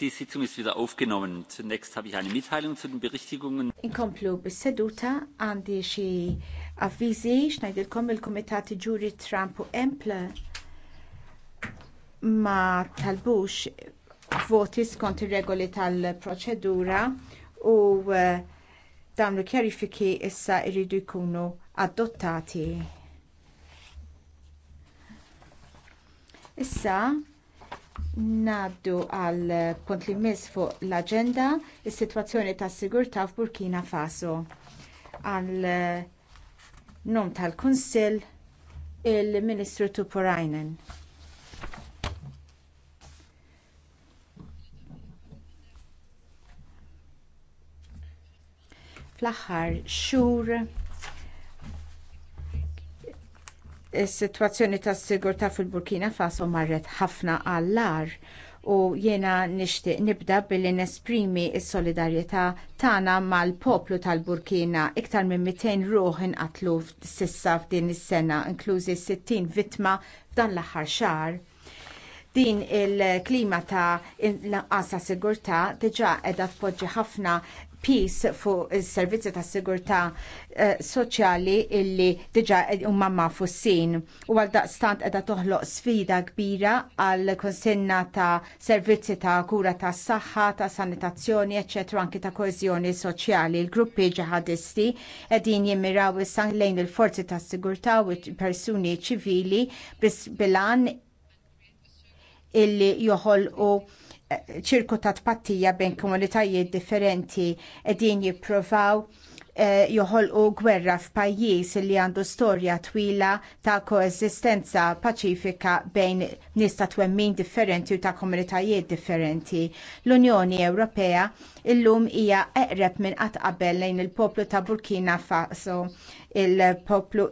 Die Sitzung ist wieder aufgenommen. Zunächst habe ich eine Mitteilung zu den Berichtigungen. Inkomplu bis-seduta għandi xi avviżi x'ngħidilkom il-Kumitati Ġuri Trump u Emple ma talbux voti skont ir-regoli tal-proċedura u eh, dawn il-kjarifiki issa jridu jkunu adottati. Issa Naddu għal punt li mis fuq l aġenda is-sitwazzjoni tas sigurtà f'Burkina Faso. Għal eh, nom tal-Kunsill il-Ministru Tupurajnen. Fl-aħħar xhur Is-sitwazzjoni tas-sigurtà fil-Burkina Faso marret ħafna għall-ar u jiena nixtieq nibda billi nesprimi s-solidarjetà tagħna mal-poplu tal-Burkina iktar minn 200 ruħ inqatlu sissa f'din is-sena inklużi 60 vittma f'dan l-aħħar xahar. Din il-klima ta' inqasa sigurtà diġà qiegħda tpoġġi ħafna piece fuq is-servizzi ta' sigurtà eh, soċjali illi diġà huma mafu sin u għal qiegħda toħloq sfida kbira għal konsenna ta' servizzi ta' kura tas saħħa, ta' sanitazzjoni, eċċetera anki ta' koeżjoni soċjali. Il-gruppi ġihadisti qegħdin jimmiraw issa lejn il-forzi tas sigurtà u persuni ċivili bis bilan illi joħolqu ċirku ta' tpattija bejn komunitajiet differenti qegħdin jipprovaw Eh, joħolqu gwerra f'pajjiż li għandu storja twila ta' koeżistenza paċifika bejn nies ta' twemmin differenti u ta' komunitajiet differenti. L-Unjoni Ewropea illum hija eqreb minn qatt qabel lejn il-poplu ta' Burkina Faso il-poplu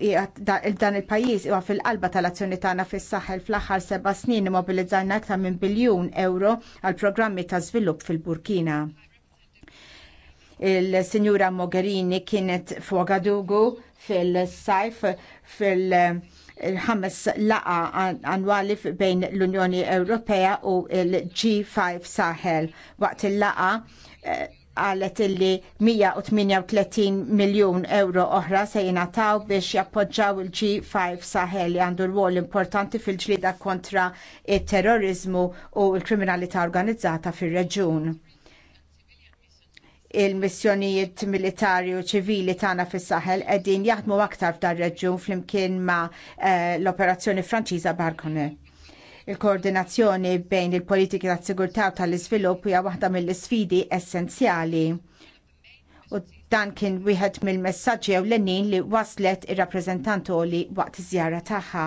dan il-pajjiż huwa fil-qalba tal-azzjoni tagħna fis-saħel fl-aħħar seba' snin immobilizzajna aktar minn biljun euro għal programmi ta' żvilupp fil-Burkina. Il-Sinjura Mogherini kienet fuqadugu fil-sajf fil-, -sajf, fil il ħames laqa annwali bejn l-Unjoni Ewropea u l-G5 Sahel. Waqt il-laqa għalet eh, illi 138 miljon euro oħra se jinataw biex jappoġġaw il-G5 Sahel li għandu l-wol importanti fil-ġlida kontra il-terrorizmu u l kriminalità organizzata fil-reġun il-missjonijiet militari u ċivili tagħna fis-Saħel qegħdin jaħdmu aktar f'dar reġjun flimkien ma' eh, l-operazzjoni Franċiża Barkone. Il-koordinazzjoni bejn il-politika tas sigurtà u tal-iżvilupp hija waħda mill-isfidi essenzjali. U dan kien wieħed mill-messaġġi ewlenin li waslet ir-rappreżentant waqt iż-żjara tagħha.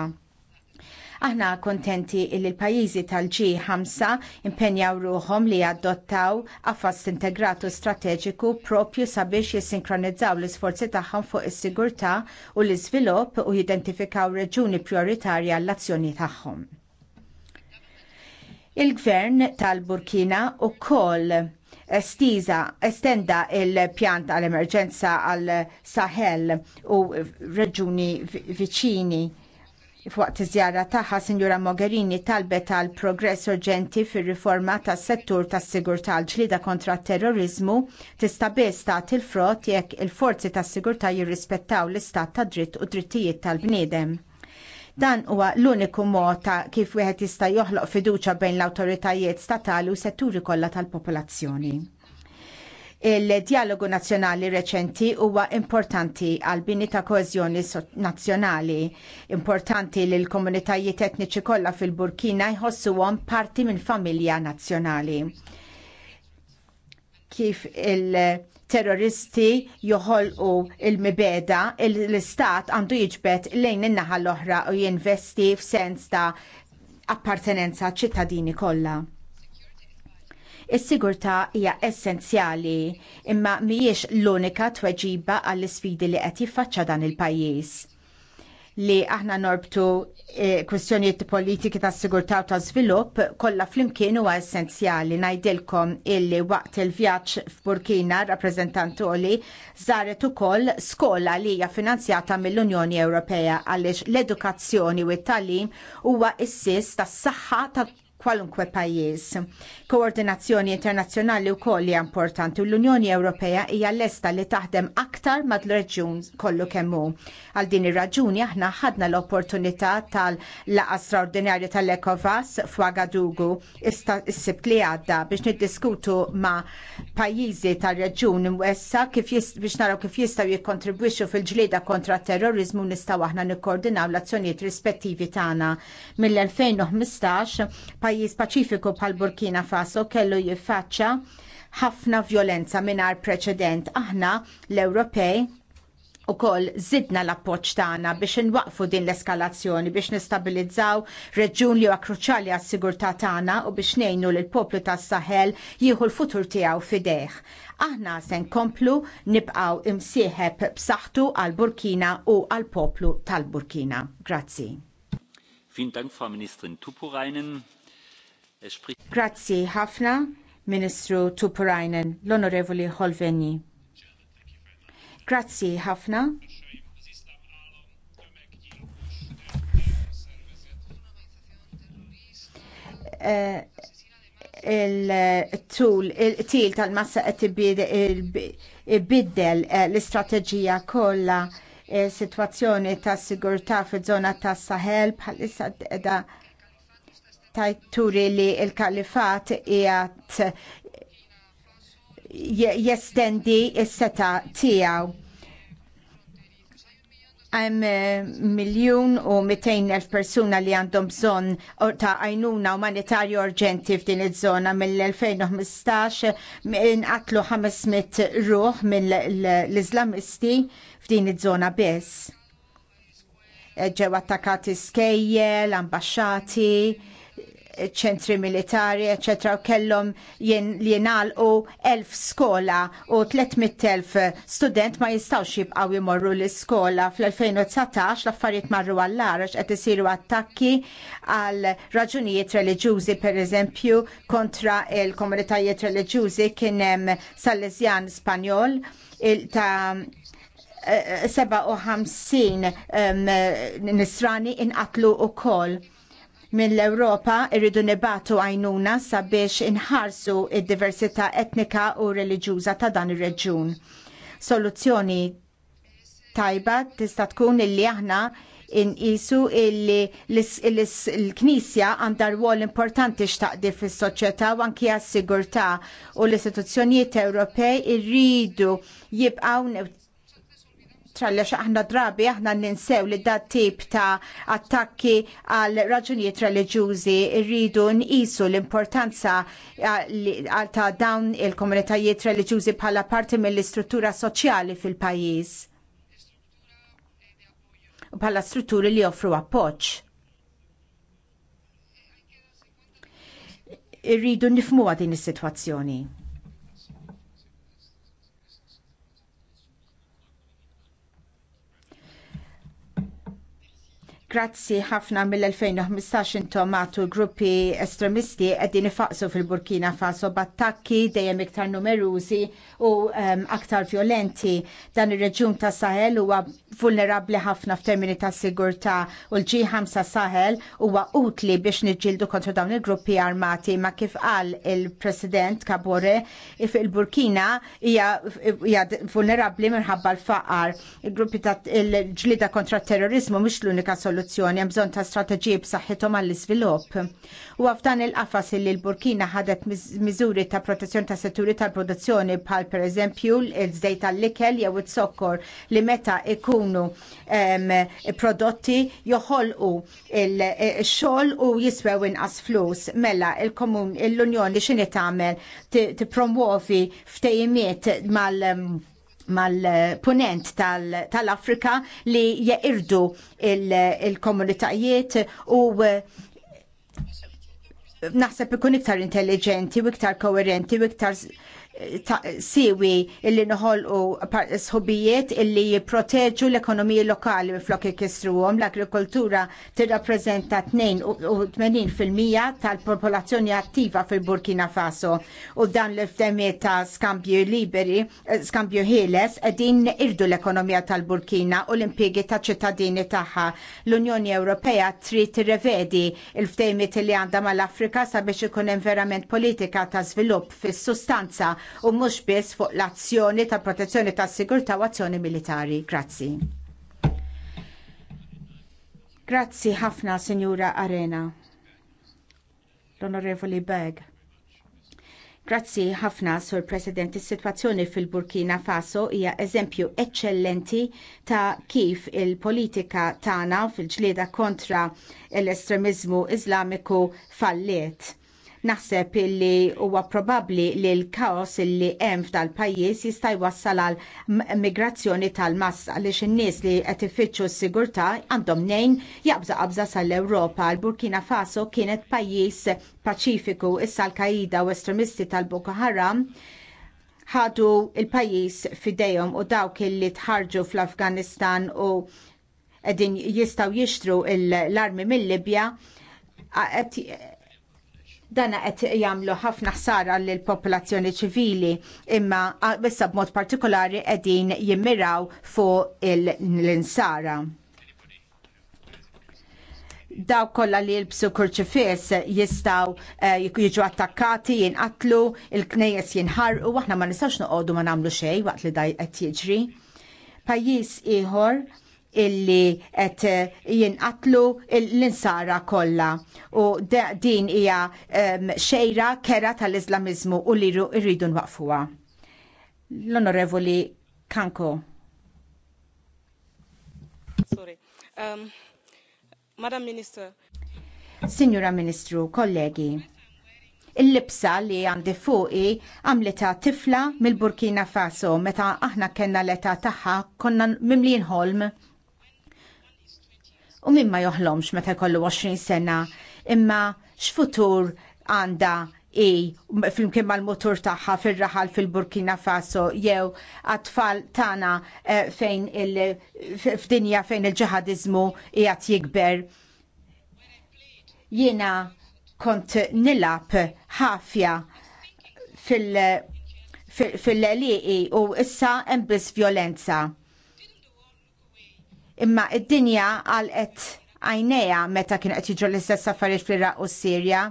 Aħna kontenti li l-pajjiżi tal-G5 impenjaw ruhom li adottaw affas integratu strateġiku propju sabiex jissinkronizzaw l-isforzi tagħhom fuq is-sigurtà u l-iżvilupp u jidentifikaw reġuni prioritarja l-azzjoni tagħhom. Il-gvern tal-Burkina u koll estiza, estenda il-pjan tal-emerġenza għal Sahel u reġuni viċini. Fwaqt iż-żjara tagħha Sinjura Mogherini talbet għal progress urġenti fir-riforma tas-settur tas-sigurtà l-ġlida kontra t terrorizmu tista' biss tagħti l-frott jekk il-forzi tas-sigurtà jirrispettaw l-istat ta' dritt u drittijiet tal-bniedem. Dan huwa l-uniku mod ta' kif wieħed jista' joħloq fiduċja bejn l-awtoritajiet statali u setturi kollha tal-popolazzjoni. Il-dialogu nazzjonali reċenti huwa importanti għal bini ta' koezjoni nazzjonali. Importanti li l-komunitajiet etniċi kollha fil-Burkina jħossuhom parti minn familja nazzjonali. Kif il- terroristi joħolqu il-mibeda, l-istat għandu jġbet lejn in-naħa l-oħra u jinvesti f'sens ta' appartenenza ċittadini kollha. Is-sigurtà hija essenzjali imma mhijiex l-unika tweġiba għall-isfidi li qed jiffaċċa dan il-pajjiż li aħna norbtu eh, kwestjonijiet politiki ta' sigurtà u ta' svilupp kollha flimkien huwa essenzjali ngħidilkom illi waqt il-vjaġġ f'Burkina rappreżentant li żaret ukoll skola li hija finanzjata mill-Unjoni Ewropea għaliex l-edukazzjoni u t-tagħlim huwa s tas-saħħa kwalunkwe pajjiż. Koordinazzjoni internazzjonali wkoll hija importanti u l-Unjoni Ewropea hija lesta li taħdem aktar mad reġjun kollu kemm hu. Għal din ir-raġuni aħna ħadna l-opportunità tal-laqa straordinarju tal-Ekovas f'Wagadugu is-sibt li għadda biex niddiskutu ma' pajjiżi tar-reġjun imwessa kif biex naraw kif jistgħu jikkontribwixxu fil-ġlieda kontra t terrorizmu nistgħu aħna nikkoordinaw l-azzjonijiet rispettivi tagħna. Mill-2015 pajjiżi pajjiż paċifiku bħal Burkina Faso kellu jiffaċċja ħafna vjolenza mingħajr preċedent. Aħna l-Ewropej u koll zidna l-appoċ tagħna biex inwaqfu din l-eskalazzjoni biex nistabilizzaw reġjun li huwa kruċjali għas-sigurtà tagħna u biex ngħinu lil poplu tas-Saħel jieħu l-futur tiegħu fideh. Aħna se nkomplu nibqgħu imsieħeb b'saħħtu għal Burkina u għal poplu tal-Burkina. Grazzi. Vielen Dank, Frau Ministerin Tupurainen. Grazzi ħafna, Ministru Tupurajnen, l-Onorevoli Holveni. Grazzi ħafna. Eh, il-tul, il-til tal-massa biddel eh, l-istrateġija kollha eh, situazzjoni ta' sigurtà fiż zona ta' Sahel bħalissa da' tajturi li il-kalifat jgħat jestendi il-seta tijaw. Għem eh, miljon u 200.000 persuna li għandhom bżon ta' għajnuna umanitarju urġenti f'din iż-żona mill-2015 inqatlu 500 ruħ mill-Islamisti f'din iż-żona biss. Eh, ġew attakati skejjel, ambasċati, ċentri militari, eccetera, u kellhom li jingħalqu elf skola u 300.000 student ma jistawx jibqgħu jmorru l-iskola. Fl-2019 l-affarijiet marru għall-ara qed isiru attakki għal raġunijiet reliġjużi pereżempju kontra il-komunitajiet reliġjużi kien hemm Salesjan Spanjol ta' 57 eh, eh, nisrani inqatlu u kol mill-Ewropa irridu nibatu għajnuna sabiex inħarsu id-diversità etnika u reliġjuża ta' dan ir-reġjun. Soluzzjoni tajba tista' tkun illi aħna inqisu illi l-Knisja għandha rwol importanti x'taqdi fis-soċjetà u anki għas-sigurtà u l-istituzzjonijiet Ewropej irridu jibqgħu li aħna drabi aħna ninsew li dat tip ta' attakki għal raġunijiet reliġjużi rridu nqisu l-importanza għal ta' dawn il-komunitajiet reliġjużi bħala parti mill-istruttura soċjali fil-pajjiż. Bħala strutturi li joffru appoġġ. Irridu nifmu din is-sitwazzjoni. Grazzi ħafna mill-2015 intom għatu gruppi estremisti għeddin ifaqsu fil-Burkina Faso b'attakki dejjem iktar numerużi u um, aktar violenti. Dan ir-reġjun ta' Sahel huwa vulnerabli ħafna f'termini ta' sigurtà u l-G5 Sahel huwa utli biex niġġieldu kontra dawn il-gruppi armati ma' kif qal il-President Kabore if il-Burkina hija vulnerabli minħabba l-faqar. Il-gruppi ta' il-ġlida kontra terrorizmu mhux l-unika soluzzjoni soluzzjoni hemm bżonn ta' strateġiji b'saħħithom għall-iżvilupp. U f'dan il-qafas li l-Burkina ħadet miżuri ta' protezzjoni ta' setturi tal-produzzjoni bħal pereżempju l-żdej tal-likel jew it-sokkor li meta ikunu prodotti joħolqu il-xogħol u jiswew inqas flus. Mela komun l-Unjoni x'inhi tagħmel tippromwovi ftejimiet mal- mal-punent tal-Afrika li jeqirdu il-komunitajiet u eh, naħseb ikun iktar intelligenti u iktar koerenti u iktar siwi illi u sħubijiet illi jipproteġu l-ekonomiji lokali flok għom. L-agrikoltura tirrappreżenta 82% tal-popolazzjoni attiva fil-Burkina Faso u dan l-ftemiet ta' skambju liberi, eh, skambju ħieles qegħdin irdu l-ekonomija tal-Burkina u l-impjiegi ta' ċittadini tagħha. L-Unjoni Ewropea trid tirrevedi il-ftemiet li għandha mal-Afrika sabiex ikun verament politika ta' żvilupp fis-sustanza u mhux biss fuq l-azzjoni ta' protezzjoni tas sigurtà u azzjoni militari. Grazzi. Grazzi ħafna, Signora Arena. L-Onorevoli Beg. Grazzi ħafna, Sur President. Is-sitwazzjoni fil-Burkina Faso hija eżempju eċċellenti ta' kif il-politika tagħna fil-ġlieda kontra l-estremizmu Iżlamiku falliet Naħseb illi huwa probabbli li l-kaos illi hemm f'dal-pajjiż jista' jwassal għal migrazzjoni tal-massa għaliex in-nies li qed ifittxu s-sigurtà għandhom nejn jaqbża qabża sal-Ewropa. L-Burkina Faso kienet pajjiż paċifiku issa l-Kaida u estremisti tal-Boko Haram ħadu il-pajjiż fidejhom u dawk illi tħarġu fl-Afganistan u qegħdin jistgħu jixtru l-armi mill-Libja Dana qed jagħmlu ħafna ħsara lill popolazzjoni ċivili imma issa b'mod partikolari qegħdin jimmiraw fuq l-insara daw kollha li jilbsu kurċifis jistgħu eh, jiġu attakkati, jinqatlu, il-knejjes jinħarqu, aħna ma nistgħux noqogħdu ma nagħmlu xejn waqt li daj qed jiġri. Pajjiż ieħor illi qed eh, jinqatlu l-insara kollha u din hija xejra kera tal-Iżlamiżmu u li rridu nwaqfuha. L-Onorevoli Kanko. Sorry. Um, Madam Minister. Signora Ministru, kollegi, il-libsa li għandi fuqi għamlita tifla mill-Burkina Faso meta aħna kena l-età tagħha konna mimlin holm u min ma joħlomx meta jkollu 20 sena imma x'futur għandha i flimkien mal-motur tagħha fir-raħal fil-Burkina Faso jew għatfall tfal tagħna eh, il f'dinja fejn il-ġihadizmu qiegħed jikber. Jiena kont nilab ħafja fil-eliqi u issa hemm biss violenza imma id-dinja għal qed meta kien qed jiġu l-istess affarijiet fl-Iraq u Sirja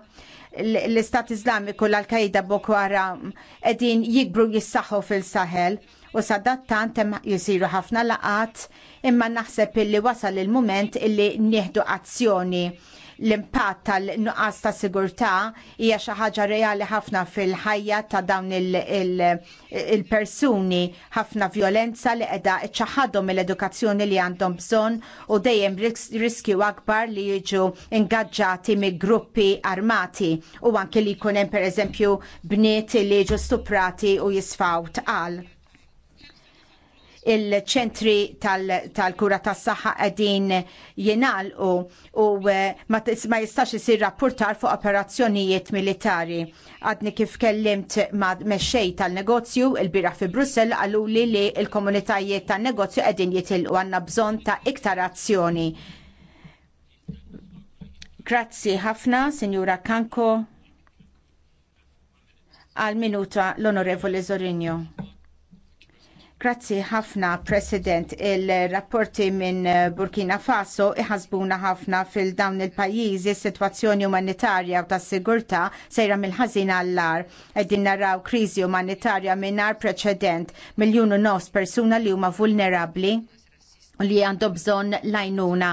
l-Istat Islamiku l-Al-Qaida Boko Haram qegħdin jikbru jissaħħu fil-Sahel u sadattant hemm jisiru ħafna laqat imma naħseb illi wasal il mument illi nieħdu azzjoni l-impatt tal-nuqqas ta' sigurtà hija xi ħaġa reali ħafna fil-ħajja ta' dawn il-persuni ħafna violenza li qiegħda iċċaħadhom mill-edukazzjoni li għandhom bżonn u dejjem riskju akbar li jiġu ingaġġati mi gruppi armati u anke li jkun hemm pereżempju bniet li jiġu stuprati u jisfaw tqal il-ċentri tal-kura tal tas-saħħa qegħdin jingħalqu u eh, ma jistax isir rapportar fuq operazzjonijiet militari. Għadni kif kellimt ma' mexxej tal-negozju il-bira fi Brussel għallu li l-komunitajiet tan-negozju qegħdin jitilqu għandna bżonn ta' iktar azzjoni. Grazzi ħafna, Sinjura Kanko, għal minuta l-Onorevoli Zorinjo. Grazzi ħafna, President. Il-rapporti minn Burkina Faso iħasbuna ħafna fil-dawn il-pajjiżi situazzjoni umanitarja u tas sigurta sejra mill-ħażin għall-lar. Qegħdin naraw kriżi umanitarja mingħajr preċedent miljunu nos persuna li huma vulnerabbli u li għandhom bżonn lajnuna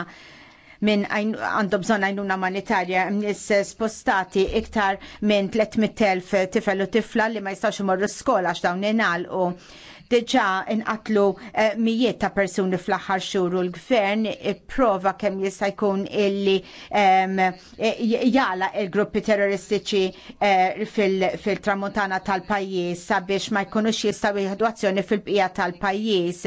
minn għandhom bżonn għajnuna umanitarja nis spostati iktar minn 300.000 tifel u tifla li ma jistawx imorru skola għax dawn inalqu Deġa inqatlu eh, mijiet ta' persuni fl-aħħar xhur u l-gvern prova kemm jista' jkun illi ehm, eh, jala il-gruppi terroristiċi eh, fil-tramuntana fil tal-pajjiż sabiex ma jkunux jistgħu azzjoni fil-bqija tal-pajjiż.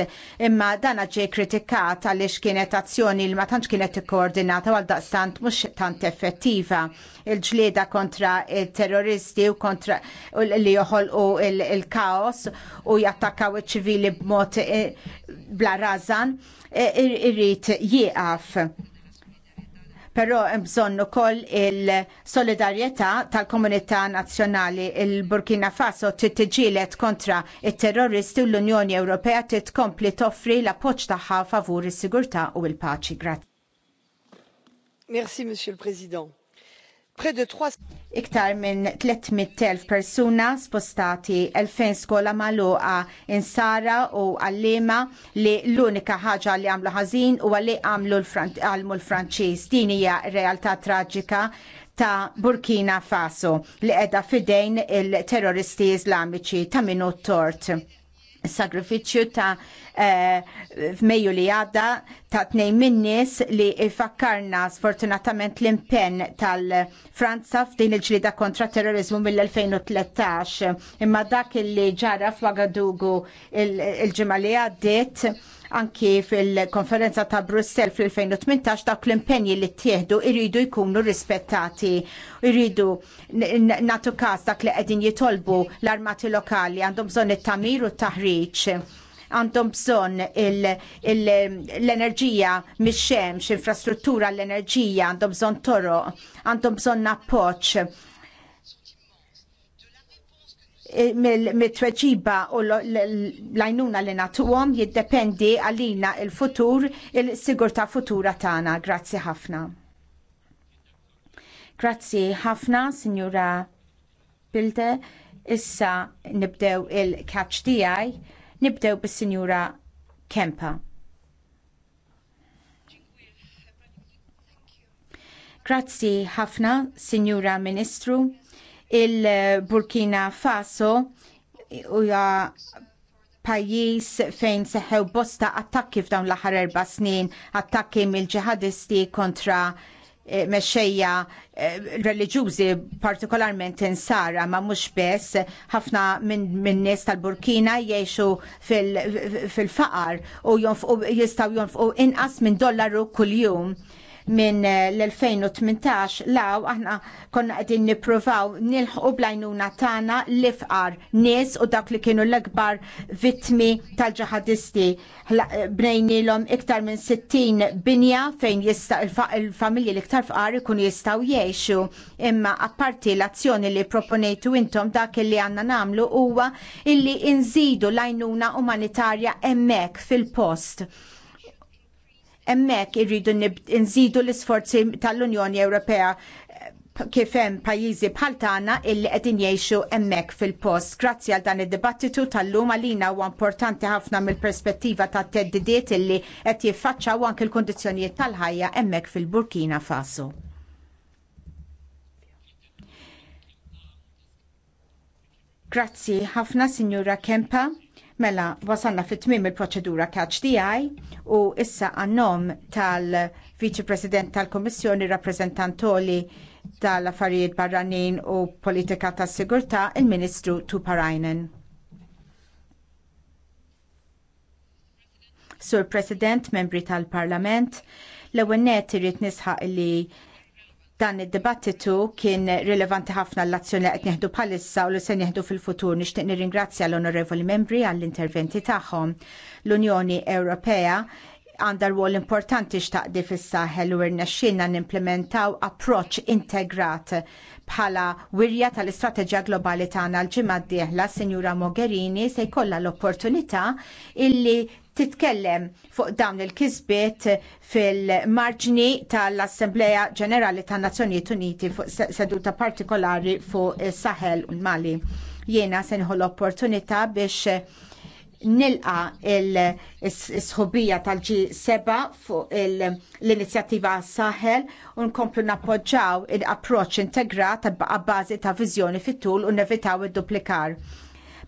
Imma dana ġej kritikat għaliex kienet azzjoni li ma tantx kienet ikkoordinata għal daqstant mhux tant effettiva. Il-ġlieda kontra il-terroristi u kontra li joħolqu il-kaos u jattakka taw iċ-ċivili b'mod eh, bla razan eh, irrid jieqaf. Però hemm bżonn ukoll il-solidarjetà tal-komunità nazzjonali il-Burkina Faso trid kontra it-terroristi u l-Unjoni Ewropea titkompli tkompli toffri l-appoġġ tagħha favur is-sigurtà u l-paċi. Grazie. Merci, Monsieur le Président Iktar minn 300.000 persuna spostati 2000 skola maluqa insara u għallima li l-unika ħaġa li għamlu ħażin u għalli għamlu l-Franċiż. Din hija realtà traġika ta' Burkina Faso li qiegħda fidejn il-terroristi iżlamiċi ta' minut tort sagrifiċċju ta' eh, f'Mejju li għadda ta' tnejn minnis li fakkarna sfortunatament l-impenn tal-Franza f'din il-ġlida kontra terrorizmu mill-2013 imma dak li ġara f'Wagadugu il-ġimgħa li għaddiet Anki fil-konferenza ta' Brussell fil-2018 dak l-impenji li ttieħdu irridu jkunu rispettati, irridu natu każ dak li qegħdin jitolbu l-armati lokali għandhom bżonn it-tamir u t-taħriġ għandhom bżonn l-enerġija mix-xemx, infrastruttura l-enerġija, għandhom bżonn toroq, għandhom bżonn appoġġ mit-tweġiba u l-għajnuna li natuhom jiddependi għalina il-futur, il-sigurta futura tagħna. Grazzi ħafna. Grazzi ħafna, Signora Bilde. Issa nibdew il-catch tijaj, nibdew bis-Signora Kempa. Grazzi ħafna, Signora Ministru il-Burkina Faso ja pajjiż fejn seħħew bosta attakki f'dawn l-aħħar erba' snin, attakki mill-ġihadisti kontra eh, mexxejja eh, reliġjużi partikolarment insara ma mhux biss ħafna minn min nies tal-Burkina jgħixu fil-faqar fil u jonfqu jistgħu jonfqu inqas minn dollaru kuljum minn eh, l-2018 law aħna konna qegħdin nippruvaw nilħqu blajnuna tagħna l-ifqar nies u dak li kienu l-akbar vittmi tal-ġihadisti. Eh, bnejnilhom iktar minn 60 binja fejn jista' il-familji l-iktar fqar ikunu jistgħu jgħixu. Imma apparti l-azzjoni li proponejtu intom dak li għandna nagħmlu huwa illi inżidu l-għajnuna umanitarja hemmhekk fil-post Hemmhekk irridu nżidu l-isforzi tal-Unjoni Ewropea eh, kif hemm pajjiżi bħal tagħna illi qed jgħixu hemmhekk fil-post. Grazzi għal dan id-dibattitu tal-lum għalina huwa importanti ħafna mill-perspettiva tat-teddidiet illi qed jiffaċċaw anke l-kundizzjonijiet tal-ħajja hemmhekk fil-Burkina Faso. Grazzi ħafna, Signora Kempa. Mela, wasanna fit tmim il-proċedura catch DI u issa għannom tal-Viċi President tal-Komissjoni rappresentantoli tal-affarijiet barranin u politika tas sigurtà il-Ministru Tuparajnen. Sur President, membri tal-Parlament, l-ewwel nett irid nisħaq li dan id-dibattitu kien rilevanti ħafna l-azzjoni li qed nieħdu bħalissa u li se nieħdu fil-futur nixtieq nirringrazzja l-onorevoli membri għall-interventi tagħhom. L-Unjoni Ewropea għandha rwol importanti xtaqdi fis-saħel u rnexxinna nimplementaw approċċ integrat bħala wirja tal istrateġja globali tagħna l-ġimgħa d-dieħla Sinjura Mogherini se jkollha l-opportunità illi titkellem fuq dawn il-kisbiet fil-marġni tal-Assembleja Ġenerali tan-Nazzjonijiet Uniti fuq seduta partikolari fuq is-Saħel u l-Mali. Jiena se l-opportunità biex nilqa il-sħobija ġi seba fuq l-inizjattiva Sahel u nkomplu nappoġġaw il-approċ integrat ta' ta' viżjoni fit-tul u nevitaw id-duplikar.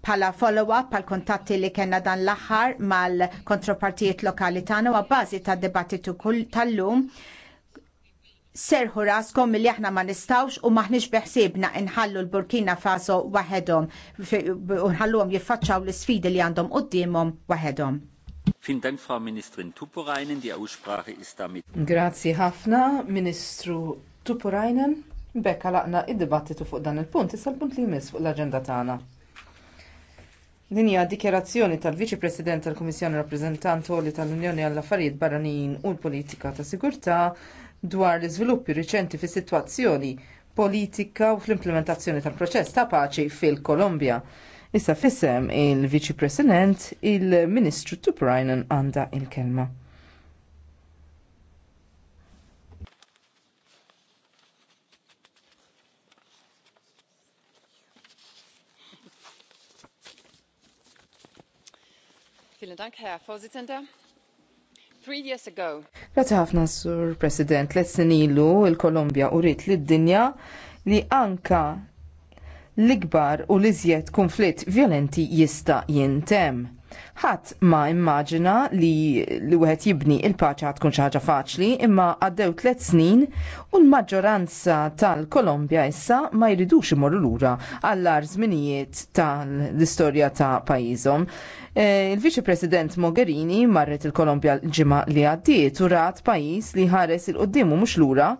Pala follow-up pal kontatti li kena dan l-aħħar mal-kontropartijiet lokali tagħna u bażi ta' debattitu tal-lum serħu raskom li aħna ma nistawx u maħniġ beħsibna inħallu l-Burkina Faso waħedhom u nħalluhom jiffaċċaw l-sfidi li għandhom qudiemhom waħedhom. Vielen Dank, Frau Ministerin Tupurainen. Die Aussprache ist damit. Grazie ħafna, Ministru Tupurainen. Bekka laqna id-dibattitu fuq dan il-punt, issa l-punt li jmiss fuq l-agenda tagħna. Din hija dikjerazzjoni tal-Viċi President tal-Kummissjoni Rappreżentant Oli tal-Unjoni għall affarijiet Barranin u l-Politika ta' Sigurtà dwar l-iżviluppi riċenti fis-sitwazzjoni politika u fl-implementazzjoni tal-proċess ta' paċi fil-Kolombja. Issa fissem il-Viċi President il-Ministru Tuprajnan għanda il-kelma. Vielen Dank, Herr Vorsitzender. Three years ago. Grazzi ħafna, Sur President, let ilu il-Kolombja u rrit d dinja li anka l-ikbar u l-iżjed konflitt violenti jista' jintemm. Ħadd ma immaġina li l wieħed jibni il-paċa tkun xi ħaġa faċli, imma għaddew tliet snin u l-maġġoranza tal-Kolombja issa ma jridux imorru lura għall-ar żminijiet tal-istorja ta' pajjiżhom. E, Il-Viċi President Mogherini marret il-Kolombja l-ġimgħa li għaddiet u rat pajjiż li ħares il-qoddim mhux lura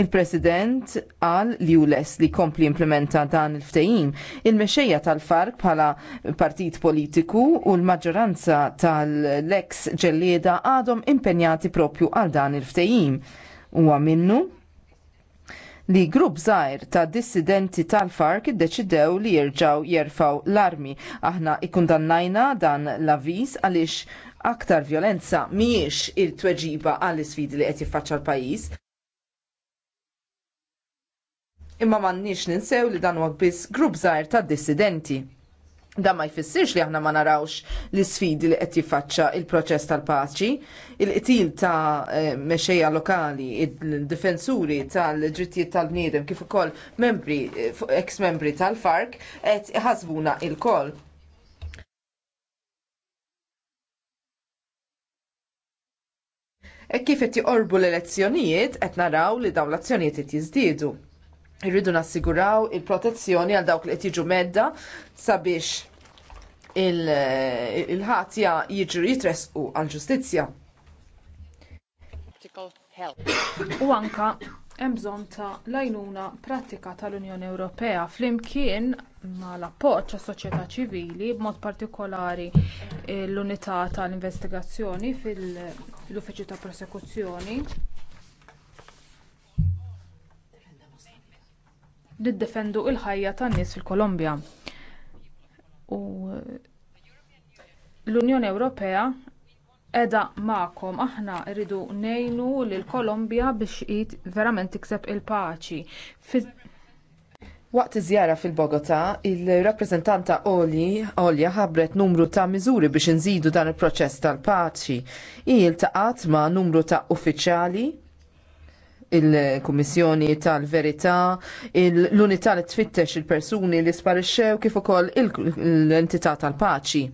Il-President għal li u les li kompli implementa dan il-ftejim. Il-mexxejja tal-fark bħala partit politiku u l-maġġoranza tal-ex ġellieda għadhom impenjati propju għal dan il-ftejim. Huwa minnu li grupp żgħir ta' dissidenti tal-fark iddeċidew li jerġgħu jerfaw l-armi. Aħna ikkundannajna dan l avis għaliex aktar violenza mhijiex il-tweġiba għall isfidi li qed jiffaċċa l-pajjiż imma m'għandniex ninsew li dan biss grupp żgħir ta' dissidenti. Dan ma jfissirx li aħna ma narawx l isfidi li qed jiffaċċa il-proċess tal-paċi, il-qtil ta' eh, mexejja lokali, il-difensuri tal-ġrittijiet tal-bniedem kif ukoll membri eh, ex-membri tal-Fark qed iħasbuna il-koll. E kif qed jorbu l-elezzjonijiet qed naraw li dawn l-azzjonijiet qed jiżdiedu. Irridu nassiguraw il-protezzjoni għal dawk li qed jiġu medda sabiex il-ħatja jiġu jitresqu għal ġustizzja. U anka hemm bżonn ta' lajnuna pratika tal-Unjoni Ewropea flimkien mal appoġġ għas soċjetà ċivili b'mod partikolari l-unità tal-investigazzjoni fil-uffiċċju ta' prosekuzzjoni niddefendu l-ħajja tan-nies fil-Kolombja. U l-Unjoni Ewropea qiegħda magħkom aħna rridu ngħinu lil Kolombja biex qid verament tikseb il-paċi. Waqt iżjara fil-Bogotà, il-rappreżentanta Oli Olja ħabbret numru ta' miżuri biex inżidu dan il-proċess tal-paċi. Hi iltaqat ma' numru ta' uffiċjali il-Kummissjoni tal-Verità, l-unità li tfittex il-persuni li sparixxew kif ukoll l-entità tal-paċi.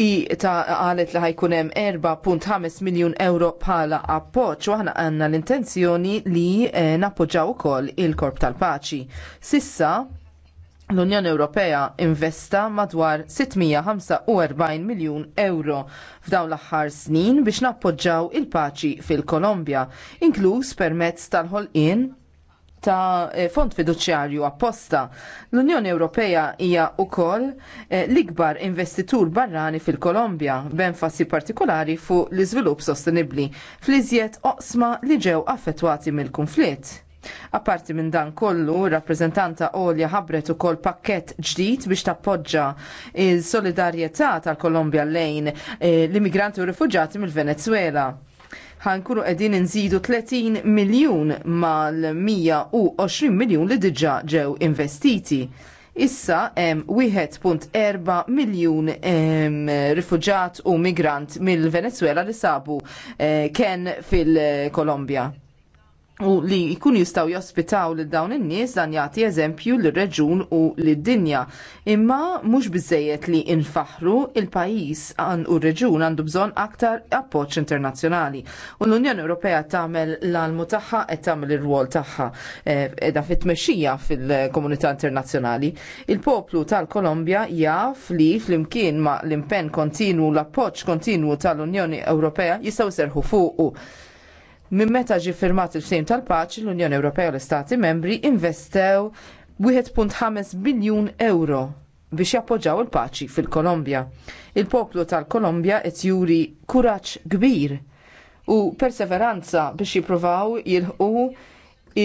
I ta' għalet li ħajkun hemm 4.5 miljun euro bħala appoġġ u aħna għandna l-intenzjoni li eh, nappoġġaw ukoll il-Korp tal-Paċi. Sissa l-Unjoni Ewropea investa madwar 645 miljun euro f'dawn l-aħħar snin biex nappoġġaw il-paċi fil-Kolombja, inkluż permezz tal-ħolqien ta' eh, fond fiduċjarju apposta. L-Unjoni Ewropea hija wkoll eh, l-ikbar investitur barrani fil-Kolombja b'enfasi partikolari fuq l-iżvilupp sostenibbli fl-iżjed oqsma li ġew affettwati mill-konflitt Apparti minn dan kollu, rappreżentanta Olja ħabret ukoll pakkett ġdid biex tappoġġa il-solidarjetà tal-Kolombja lejn eh, l-immigranti u rifuġati mill-Venezuela. Ħankunu qegħdin inżidu 30 miljun mal-120 miljun li diġà ġew investiti. Issa hemm 1.4 miljun rifuġat u migrant mill-Venezuela li sabu eh, kien fil-Kolombja u li jkunu jistgħu jospitaw lil dawn in-nies dan jagħti eżempju l reġun u lid dinja Imma mhux biżejjed li infaħru il-pajjiż u r-reġun għandu bżonn aktar appoġġ internazzjonali. U l-Unjoni Ewropea tagħmel l-almu tagħha qed tagħmel ir-rwol tagħha qiegħda eh, fit-tmexxija fil-komunità internazzjonali. Il-poplu tal-Kolombja jaf li flimkien ma l-impenn kontinwu l-appoġġ kontinwu tal-Unjoni Ewropea jistgħu serħu fuqu. Minn meta ġie firmat il-ftehim tal-paċi l-Unjoni Ewropea u l-Istati Membri investew 1.5 biljun euro biex jappoġġaw il-paċi fil-Kolombja. Il-poplu tal-Kolombja qed juri kuraġġ kbir u perseveranza biex jippruvaw jilħqu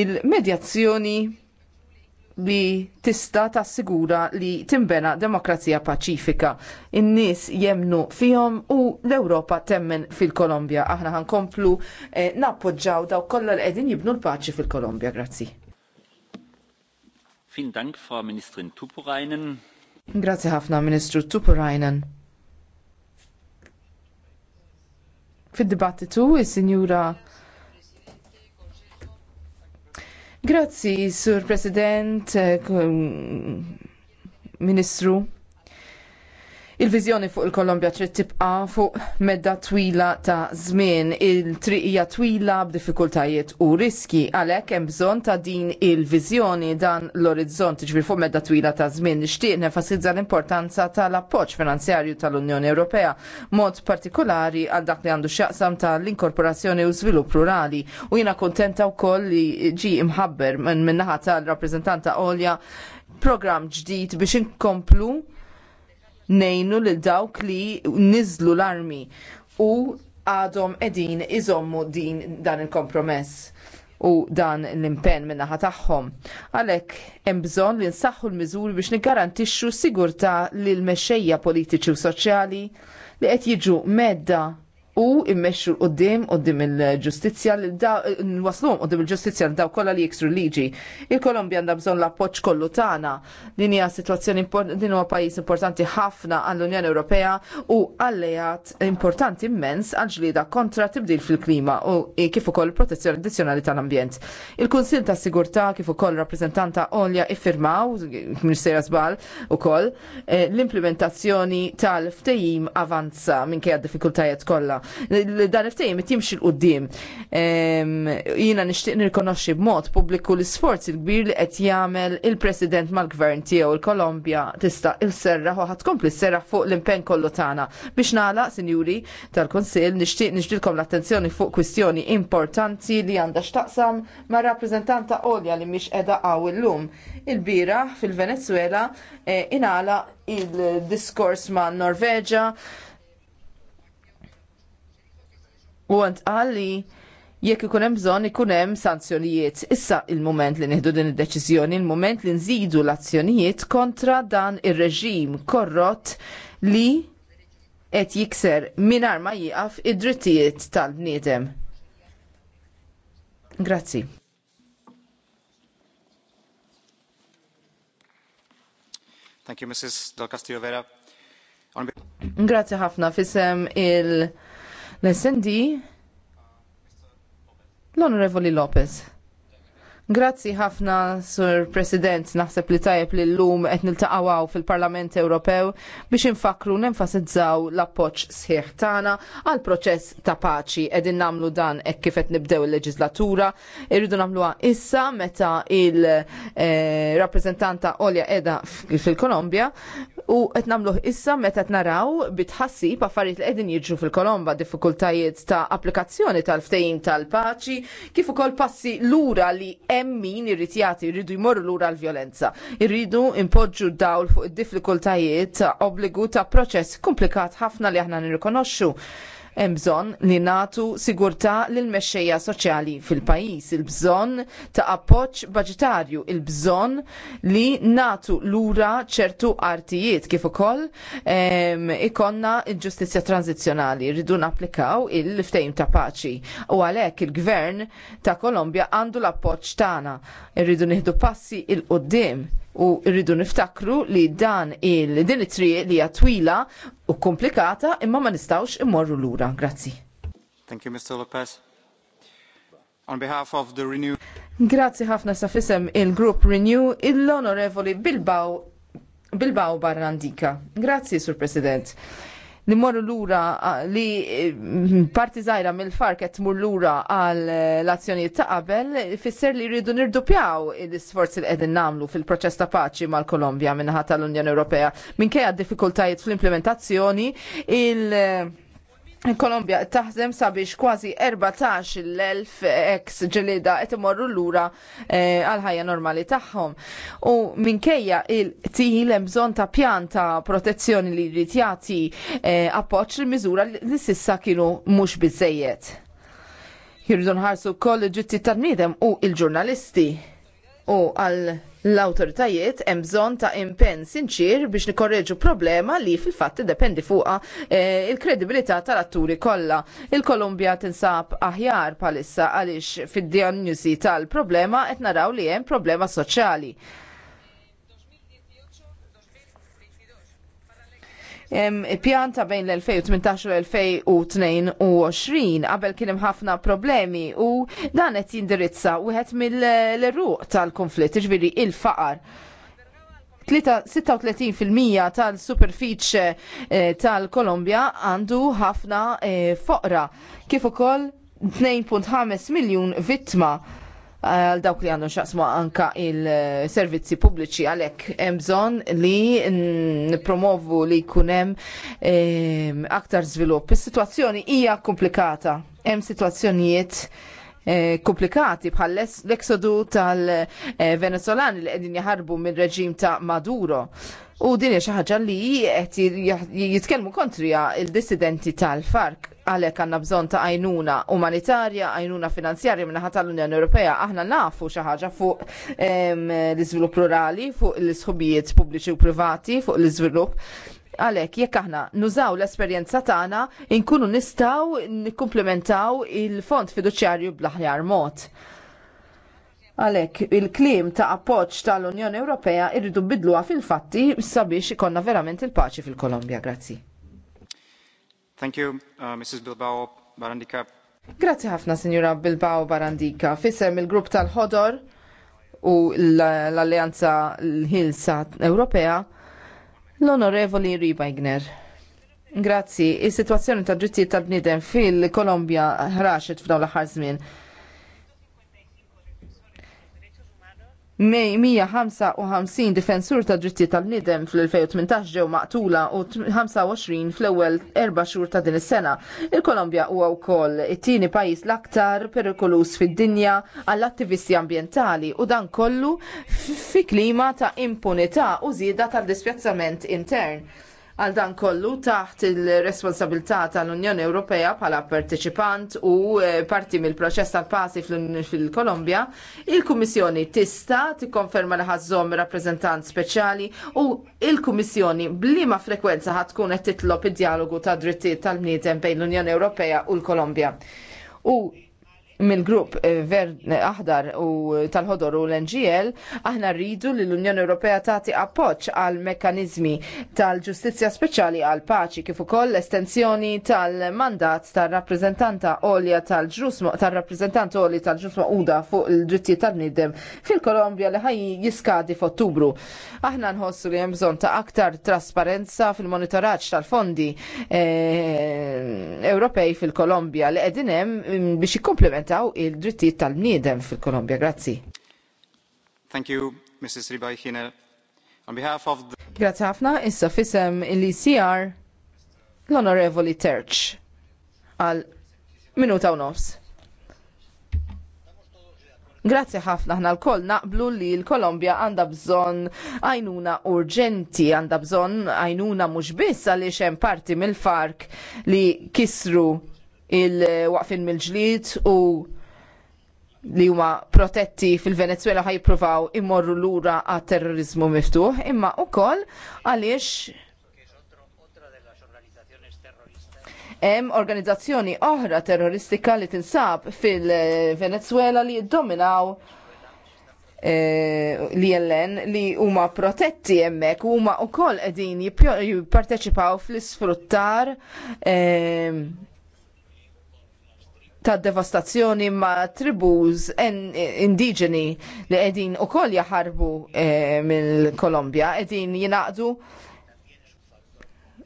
il-medjazzjoni li tista tassigura li timbena demokrazija paċifika. In-nies jemnu fihom u l-Ewropa temmen fil-Kolombja. Aħna ħankomplu eh, nappoġġaw daw kollha l qegħdin jibnu l-paċi fil-Kolombja. Grazzi. Vielen Dank, Frau Ministerin Tupurainen. Grazzi ħafna, Ministru Tupurainen. Fid-dibattitu, is-Sinjura Grazzi, Sur President, eh, Ministru. Il-vizjoni fuq il-Kolombja trid tibqa' fuq medda twila ta' żmien, il-triqija twila b'diffikultajiet u riski għalhekk hemm bżonn ta' din il-viżjoni dan l-orizzont ġbir fuq medda twila ta' żmien nixtieq nefasizza l-importanza tal-appoġġ finanzjarju tal-Unjoni Ewropea mod partikolari għal dak li għandu x'jaqsam tal-inkorporazzjoni u żvilupp rurali u jiena kontenta wkoll li ġi imħabber minn naħa tal-rappreżentanta Olja programm ġdid biex inkomplu nejnu lil dawk li niżlu l-armi u għadhom edin iżommu din dan il-kompromess u dan l-impen minnaħa tagħhom. Għalhekk hemm bżonn li nsaħħu l-miżuri biex niggarantixxu sigurtà lil mexxejja politiċi u soċjali li qed jiġu medda u immexxu qoddim qoddim il-ġustizzja nwaslhom qoddim il-ġustizzja daw kollha li jiksru liġi. Il-Kolombja għandha bżonn l-appoġġ kollu tagħna. Din hija sitwazzjoni din huwa pajjiż importanti ħafna għall-Unjoni Ewropea u allejat importanti immens għal ġlieda kontra tibdil fil-klima u kif ukoll protezzjoni addizzjonali tal-ambjent. Il-Kunsil ta' Sigurtà kif ukoll rappreżentanta Olja iffirmaw Ministera Żbal ukoll eh, l-implementazzjoni tal-ftehim avanza minkejja d diffikultajiet kollha dan il-ftehim timxi l-qoddim. Jina nixtieq nirkonoxxi b'mod pubbliku l-isforzi l-kbir li qed jagħmel il-President mal-Gvern tiegħu il-Kolombja tista' il-serra u ħadd kompli serra fuq l-impenn kollu tagħna. Biex nagħlaq, Sinjuri tal-Kunsill, nixtieq nixdilkom l-attenzjoni fuq kwistjoni importanti li għandha x'taqsam ma' rappreżentanta Olja li mhix qiegħda hawn illum. Il-bira fil-Venezuela eh, inala il-diskors ma' Norveġa U għant għalli jekk ikun hemm bżonn ikun hemm sanzjonijiet. Issa il-mument li neħdu din id-deċiżjoni, il-mument li nżidu l-azzjonijiet kontra dan ir-reġim korrott li qed jikser mingħajr ma jieqaf id-drittijiet tal-bniedem. Grazzi. Thank you, Mrs. Del Castillo Vera. Grazie ħafna fisem il- L-SND l-Onorevoli Lopez. Grazzi ħafna, Sur President, naħseb li tajjeb li l-lum qed niltaqgħu fil-Parlament Ewropew biex infakru nenfasizzaw l-appoġġ sħiħ tagħna għal proċess ta' paċi qegħdin nagħmlu dan hekk kif qed nibdew il-leġislatura, irridu nagħmluha issa meta il-rappreżentanta eh, Olja Eda fil-Kolombja u qed nagħmluh issa meta qed naraw bitħassib affarijiet li qegħdin jiġru fil-Kolomba, diffikultajiet ta' applikazzjoni tal-ftehim tal-paċi, kif ukoll passi lura li hemm min irid jagħti jridu jmorru lura l-vjolenza. Irridu impoġġu dawl fuq id-diffikultajiet obbligu ta' proċess komplikat ħafna li aħna nirrikonoxxu. Hemm bżonn li nagħtu sigurtà lil mexxejja soċjali fil-pajjiż, il-bżonn ta' appoġġ baġitarju, il-bżonn li nagħtu lura ċertu artijiet kif ukoll ikonna l-ġustizzja tranzizzjonali rridu napplikaw il-ftejm ta' paċi u għalhekk il-gvern ta' Kolombja għandu l-appoġġ tagħna. Irridu nieħdu passi il qudiem u rridu niftakru li dan il din it-triq li hija twila u komplikata imma ma nistawx immorru lura. Grazzi. Thank you, Mr. Lopez. On behalf of the Renew. Grazzi ħafna sa fisem il-Grupp Renew il-Onorevoli Bilbao Bilbao Barrandika. Grazzi, Sur President li morru lura li parti zaħira mill-fark qed tmur lura għal eh, l-azzjonijiet ta' qabel fisser li rridu nirdupjaw l-isforzi li qegħdin nagħmlu fil-proċess ta' paċi mal-Kolombja minnaħa tal-Unjoni Ewropea minkejja d-diffikultajiet fl-implementazzjoni il- Kolombja taħdem sabiex kważi 14.000 ex ġelida qed imorru ura eh, għal ħajja normali tagħhom. U minkejja il-til hemm bżonn ta' pjanta protezzjoni li jrid jagħti eh, appoġġ il-miżura li sissa kienu mhux bizzejiet. Jirridu nħarsu koll ġitti tarnidem u il-ġurnalisti u għal l-awtoritajiet hemm bżonn ta' impenn sinċir biex nikorreġu problema li fil-fatt dependi fuqha e, il-kredibilità tal-atturi kollha. Il-Kolumbja tinsab aħjar palissa għaliex fid-diagnosi tal-problema qed naraw li hemm problema soċjali. pjanta bejn l-2018 u l-2022 qabel kien hemm ħafna problemi u dan qed jindirizza wieħed mill-ruq tal-konflitt, ġifieri il-faqar. 36% tal-superfiċ eh, tal-Kolombja għandu ħafna eh, foqra, kif ukoll 2.5 miljun vittma għal dawk li għandhom xaqsmu anka il-servizzi pubbliċi għalhekk hemm bżonn li nippromovu li jkun hemm ehm, aktar żvilupp. Is-sitwazzjoni hija komplikata. Hemm sitwazzjonijiet Eh, komplikati bħal l-eksodu tal-Venezolani li qegħdin jaħarbu minn reġim ta' Maduro. U din hija xi ħaġa li jitkellmu kontrija il-dissidenti tal-Fark għalhekk għandna bżonn ta' għajnuna umanitarja, għajnuna finanzjarja minnaħa tal-Unjoni Ewropea. Aħna nafu xi ħaġa fuq l-iżvilupp rurali, fuq l-isħubijiet pubbliċi u privati, fuq l-iżvilupp Għalek, jekk aħna nużaw l-esperjenza tagħna, inkunu nistaw nikkumplementaw il-fond fiduċjarju bl-aħjar mod. Għalek, il-klim ta' appoġġ tal-Unjoni Ewropea irridu bidluha fil-fatti sabiex ikonna verament il-paċi fil-Kolombja. Grazzi. Thank you, uh, Mrs. Bilbao Barandika. Grazzi ħafna, Sinjura Bilbao Barandika. Fissem il-grupp tal-ħodor u l-Alleanza l-Hilsa Ewropea L-Onorevoli Ribajgner. Grazzi, is-sitwazzjoni ta' drittijiet tal-bniedem fil-Kolombja ħraxet f'dawn l-aħħar żmien. 155 difensur ta' dritti tal-nidem fl-2018 ġew maqtula u 25 fl-ewwel erba' xhur ta' din is-sena. Il-Kolombja huwa wkoll it-tieni pajjiż l-aktar perikolus fid-dinja għall-attivisti ambjentali u dan kollu fi klima ta' impunità u żieda tal dispjazzament intern. Għal dan kollu taħt il-responsabilità tal-Unjoni Ewropea bħala partiċipant u eh, parti mill-proċess tal-pasi fil-Kolombja, il-Kummissjoni tista tikkonferma li ħazzom rappreżentant speċjali u il-Kummissjoni bliema frekwenza ħatkun tkun qed titlob id-dialogu ta' drittijiet tal-bniedem bejn l-Unjoni Ewropea u l-Kolombja. U mill-grupp eh, aħdar u tal-ħodor u l-NGL, aħna rridu li l-Unjoni Ewropea tagħti appoġġ għal mekkaniżmi tal-ġustizzja speċjali għal paċi kif ukoll l estensjoni tal-mandat tar-rappreżentanta Olja tal-ġusma tar-rappreżentant Olja tal-ġus Uda fuq il-drittijiet tal-bniedem fil-Kolombja li ħaj jiskadi f'Ottubru. Aħna nħossu li hemm bżonn ta' aktar trasparenza fil-monitoraġġ tal-fondi eh, Ewropej fil-Kolombja li qegħdin hemm mm, biex jikkumplementaw jirrispettaw il-drittijiet tal-bniedem fil-Kolombja. Grazzi. Thank you, Mrs. Ribajkina. On behalf of the... Grazie ħafna, issa fisem il-ICR l honorevoli Terċ għal minuta u nofs. Grazie ħafna ħna l-koll naqblu li l-Kolombja għanda bżon għajnuna urġenti, għanda bżon għajnuna mux biss għaliex parti mill-fark li kisru il-waqfin mill-ġlid u li huma protetti fil-Venezuela ħajpruvaw immorru lura għat terrorizmu miftuħ, imma ukoll għaliex hemm organizzazzjoni oħra terroristika li tinsab fil-Venezuela li jiddominaw e, li jellen li huma protetti hemmhekk u huma wkoll qegħdin jipparteċipaw fl-isfruttar e, ta' devastazzjoni ma' tribus indiġeni li qegħdin ukoll jaħarbu eh, mill-Kolombja, qegħdin jingħaqdu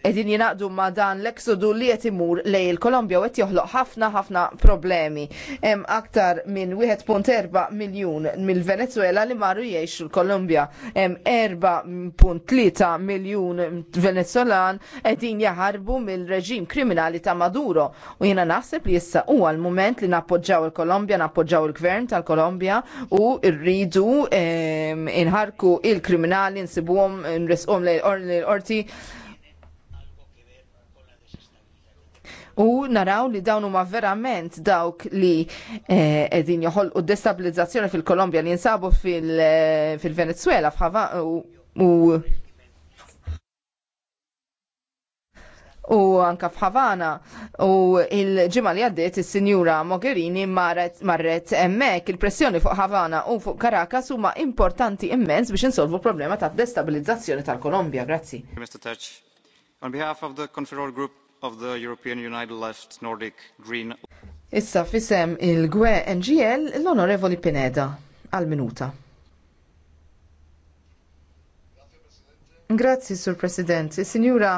edin jinaqdu ma dan l-eksodu li qed imur lej il-Kolombja u joħloq ħafna ħafna problemi. Hemm aktar minn 1.4 miljun mill-Venezuela li marru jgħixu l-Kolombja. Em 4.3 miljun venezuelan edin jaharbu mill-reġim kriminali ta' Maduro u jiena naħseb li issa huwa l-mument li nappoġġaw il-Kolombja, nappoġġaw il-Gvern tal-Kolombja u rridu ehm, inħarku il-kriminali nsibuhom nresqhom lejn l-orti u naraw li dawn huma verament dawk li qegħdin eh, joħolqu destabilizzazzjoni fil-Kolombja li jinsabu eh, fil-Venezuela f'ħava u u anka f'Havana u il-ġimgħa li għaddiet is-Sinjura Mogherini marret emmek il-pressjoni fuq Havana u fuq Caracas huma importanti immens biex insolvu problema ta' destabilizzazzjoni tal-Kolombja. Grazzi. Mr. Touch, on behalf of the Conferral Group of the European United Left Nordic Green. Issa fisem il-Gwe NGL l-Onorevoli Pineda għal-minuta. Grazie, Sur President. Signora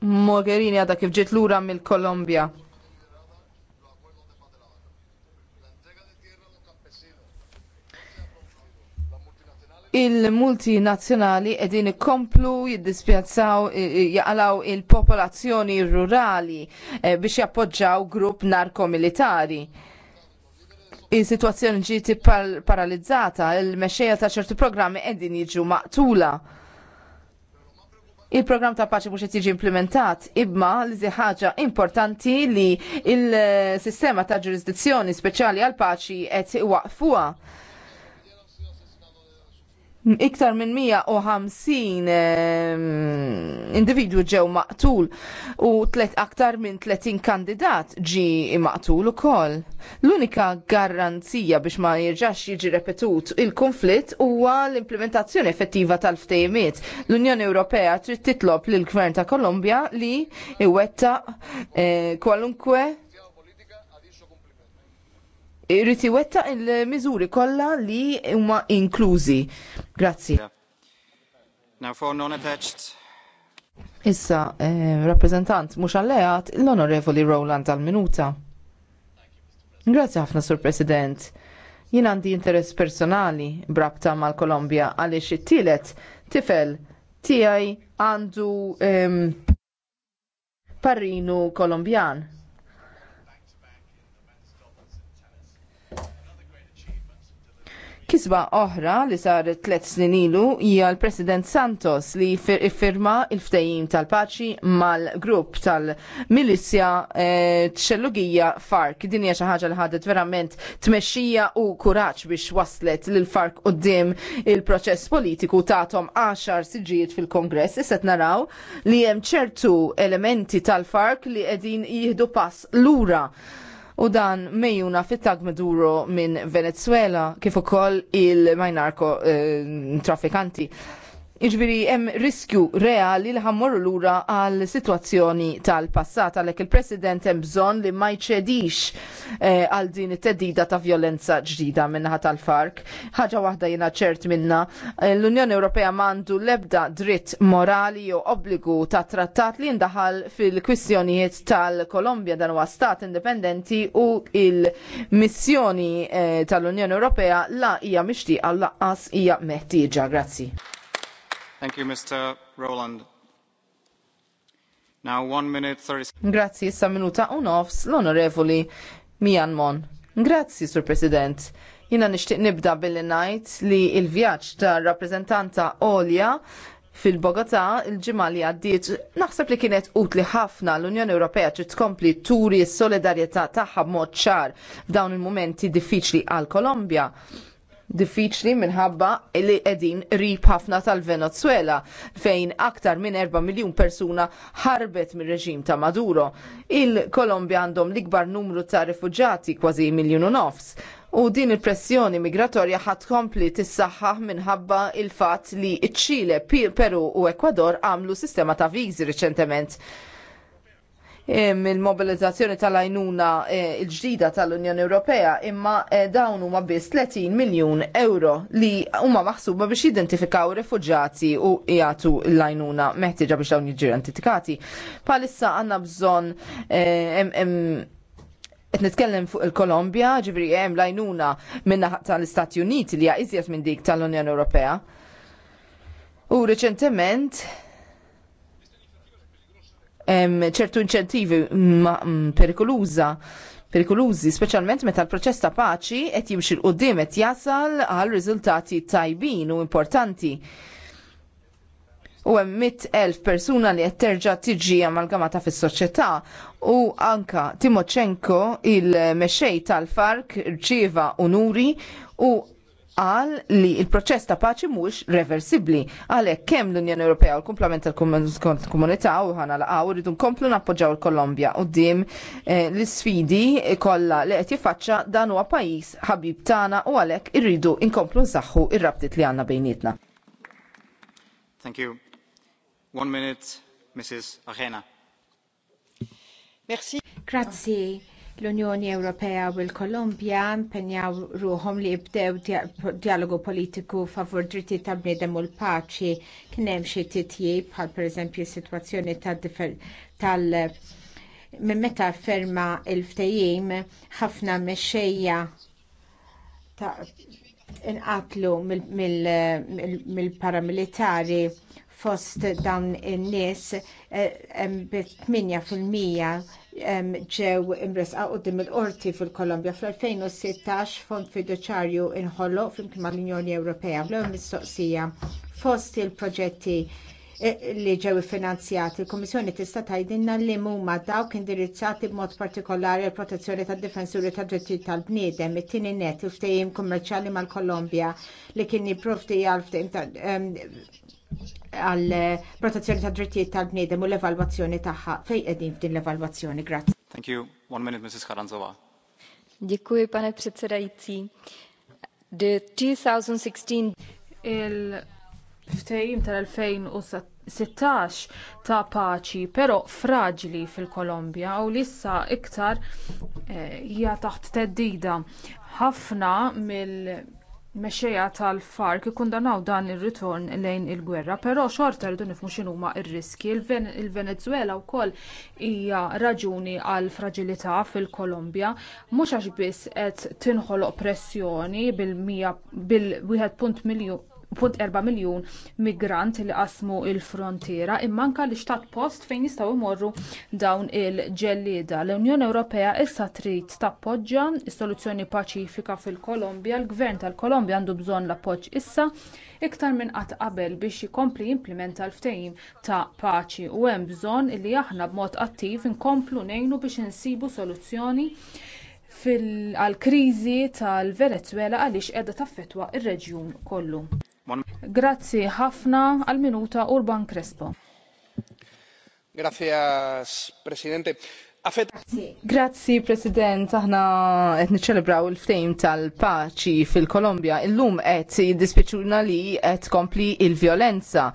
Mogherini għada kif ġiet lura mill-Kolombja il-multinazzjonali edin ikomplu jiddispjazzaw jaqalaw il-popolazzjoni rurali eh, biex jappoġġaw grupp narkomilitari il-situazzjoni ġiet paralizzata, il-mexxejja ta' ċertu programmi qegħdin jiġu maqtula. Il-programm ta' paċi mhux qed jiġi implementat, imma li ħaġa importanti li il-sistema ta' ġurisdizzjoni speċjali għal paċi qed iwaqfuha iktar minn 150 individwu ġew maqtul u tlet aktar minn 30 kandidat ġi maqtul ukoll. L-unika garanzija biex ma jirġax jiġi repetut il-konflitt huwa l-implementazzjoni effettiva tal-ftejmiet. L-Unjoni Ewropea trid titlob lill gvern ta' Kolombja li iwetta eh, kwalunkwe Irriti wetta il-miżuri kollha li huma inklużi. Grazzi. Now for non-attached. Issa, eh, rappresentant mhux alleat l-Onorevoli Rowland tal-Minuta. Grazzi ħafna, Sur President. Jien għandi interess personali brabta mal-Kolombja għaliex it-tielet tifel tiegħi għandu ehm, parrinu Kolombjan Kisba oħra li saret tliet snin ilu hija l-President Santos li iffirma il-ftejim tal-paċi mal-grupp tal-Milizja ċellugija eh, Fark. Din hija xi ħaġa li ħadet verament tmexxija u kuraġġ biex waslet lil Fark qudiem il-proċess politiku tagħhom 10 siġijiet fil-Kongress. Issa naraw li hemm ċertu elementi tal-Fark li qegħdin jieħdu pass lura u dan mejjuna fit-tag meduro minn Venezuela kif ukoll il-majnarko eh, trafikanti. Iġbiri, hemm riskju reali li ħammorru lura għal situazzjoni tal-passat, għalhekk il-President hemm bżonn li ma jċedix eh, għal din it-teddida ta' violenza ġdida minnaħa tal-fark. Ħaġa waħda jiena ċert minna, eh, l-Unjoni Ewropea mandu lebda dritt morali jew obbligu ta' trattat li ndaħal fil-kwistjonijiet tal-Kolombja dan huwa stat indipendenti u il-missjoni eh, tal-Unjoni Ewropea la hija mixtieqa laqqas hija meħtieġa. Grazzi. Thank you, Mr. Now, one minute, Grazzi, issa minuta u nofs l-onorevoli Mian Mon. Grazzi, Sur President. Jina nishtiq nibda billi najt li il-vjaċ ta' rappresentanta Olja fil bogota il-ġimgħa li għaddiet naħseb li kienet utli ħafna l-Unjoni Ewropea trid tkompli turi s-solidarjetà tagħha mod ċar f'dawn il-mumenti diffiċli għal Kolombja diffiċli minħabba li qegħdin rib ħafna tal-Venezuela fejn aktar minn 4 miljun persuna ħarbet mir reġim ta' Maduro. Il-Kolombja għandhom l-ikbar numru ta' rifuġati kważi miljun u nofs. U din il-pressjoni migratorja ħadd kompli tissaħħaħ minħabba il-fatt li ċ-Ċile, Peru u Ekwador għamlu sistema ta' viżi riċentement. E, il mobilizzazzjoni tal ajnuna e, il-ġdida tal-Unjoni Ewropea imma e, dawn huma biss 30 miljun euro li huma maħsuba biex jidentifikaw refuġati u jgħatu l ajnuna meħtieġa biex dawn jiġu identifikati. Palissa għandna bżonn qed nitkellem fuq il-Kolombja, ġifri hemm lajnuna minna tal-Istati Uniti li hija iżjed minn dik tal-Unjoni Ewropea. U reċentement ċertu inċentivi mm, perikoluża perikolużi, speċjalment meta l-proċess ta' paċi qed jimxi l-qudiem qed jasal għal riżultati tajbin u importanti. U hemm mit elf persuna li qed terġa' tiġi amalgamata fis-soċjetà u anka Timoċenko il mexej tal-Fark rċieva unuri u qal li il-proċess ta' paċi mhux reversibbli. Għalhekk kemm l-Unjoni Ewropea u l-kumplament tal-komunità u ħana laqgħu rridu nkomplu nappoġġaw il-Kolombja quddiem eh, l-isfidi kollha li qed jiffaċċa dan huwa pajjiż ħabib tagħna u għalhekk irridu nkomplu nsaħħu ir-rabtiet li għandna bejnietna. Thank you. One minute, Mrs. Arena. Merci. Grazie. L-Unjoni Ewropea u l kolumbja impenjaw ruhom li jibdew dialogu politiku favur dritti ta' bnedem u l-paċi kien hemm xi titjib bħal pereżempju s-sitwazzjoni tal- minn meta ferma il-ftejim ħafna mexxejja inqatlu mill-paramilitari fost dan in-nies 8% eh, ġew imresqa quddiem il-qorti fil-Kolombja fl-2016 fond fiduċarju inħoloq flimkien mal-Unjoni Ewropea bl-ewwel mistoqsija fost il-proġetti eh, li ġew iffinanzjati, il-Kummissjoni tista' tgħidilna li huma dawk indirizzati b'mod partikolari għall protezzjoni tad-difensuri tad-drittijiet tal-bniedem, it-tieni net il-ftehim kummerċjali mal-Kolombja li kien jipprovdi għal ftehim għal protezzjoni ta' drittijiet tal-bniedem u l-evalwazzjoni tagħha fejn qegħdin f'din l-evalwazzjoni. Grazzi. Thank you. One minute, Mrs. Karanzova. Dziękuję, panie przewodniczący. The 2016 il ftehim tal-2016 ta' paċi, però fraġli fil-Kolombja u lissa iktar eh, hija taħt teddida. Ħafna mill- mexxejja tal-farc ikkundanaw dan ir-ritorn lejn il-gwerra però xorta rridu nifhmu x'inhuma r-riski il-venezwela wkoll hija raġuni għal fraġilità fil-kolombja mhux għax biss qed tinħoloq pressjoni bil-1 bil 4 miljun migrant li qasmu l-frontiera imma anke xtat post fejn jistgħu jmorru dawn il-ġellieda. L-Unjoni Ewropea issa trid tappoġġja s-soluzzjoni paċifika fil-Kolombja. Il-Gvern tal-Kolombja għandu bżonn l-appoġġ issa iktar minn qatt qabel biex jkompli jimplementa l-ftehim ta' paċi u hemm bżonn li aħna b'mod attiv inkomplu ngħinu biex insibu soluzzjoni għall kriżi tal-Venezwela għaliex qiegħda taffettwa r reġjun kollu. Grazzi ħafna għal minuta Urban Crespo. Grazzi Presidente. Grazzi President, aħna qed niċċelebraw il-ftejm tal-paċi fil-Kolombja. Illum qed jiddispiċuna li qed kompli il-vjolenza.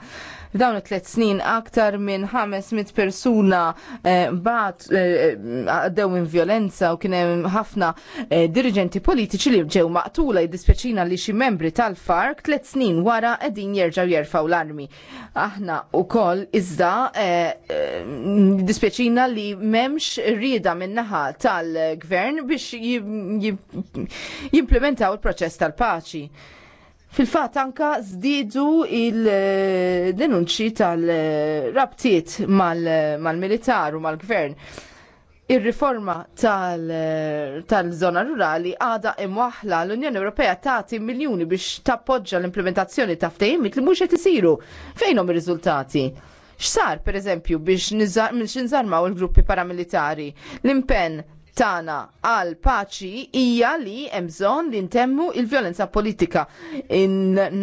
F'dawn it-tliet snin aktar minn 500 persuna eh, bat eh, għaddew minn violenza u kien hemm ħafna eh, dirigenti politiċi li ġew maqtula jiddispjaċina li xi membri tal-fark tliet snin wara qegħdin jerġgħu jerfaw l-armi. Aħna wkoll iżda dispjaċina li m'hemmx rieda min-naħa tal-gvern biex jimplementaw il-proċess tal-paċi. Fil-fat anka zdidu il-denunċi tal-rabtiet mal-militar u mal-gvern. Ir-riforma tal-żona rurali għada imwaħla l-Unjoni Ewropea tagħti miljuni biex tappoġġa l-implementazzjoni ta' ftejim li mhux qed isiru. Fejnhom ir-riżultati? X'sar pereżempju biex nizarmaw il-gruppi paramilitari? L-impenn Tana għal paċi hija li hemm bżonn li ntemmu il-vjolenza politika. In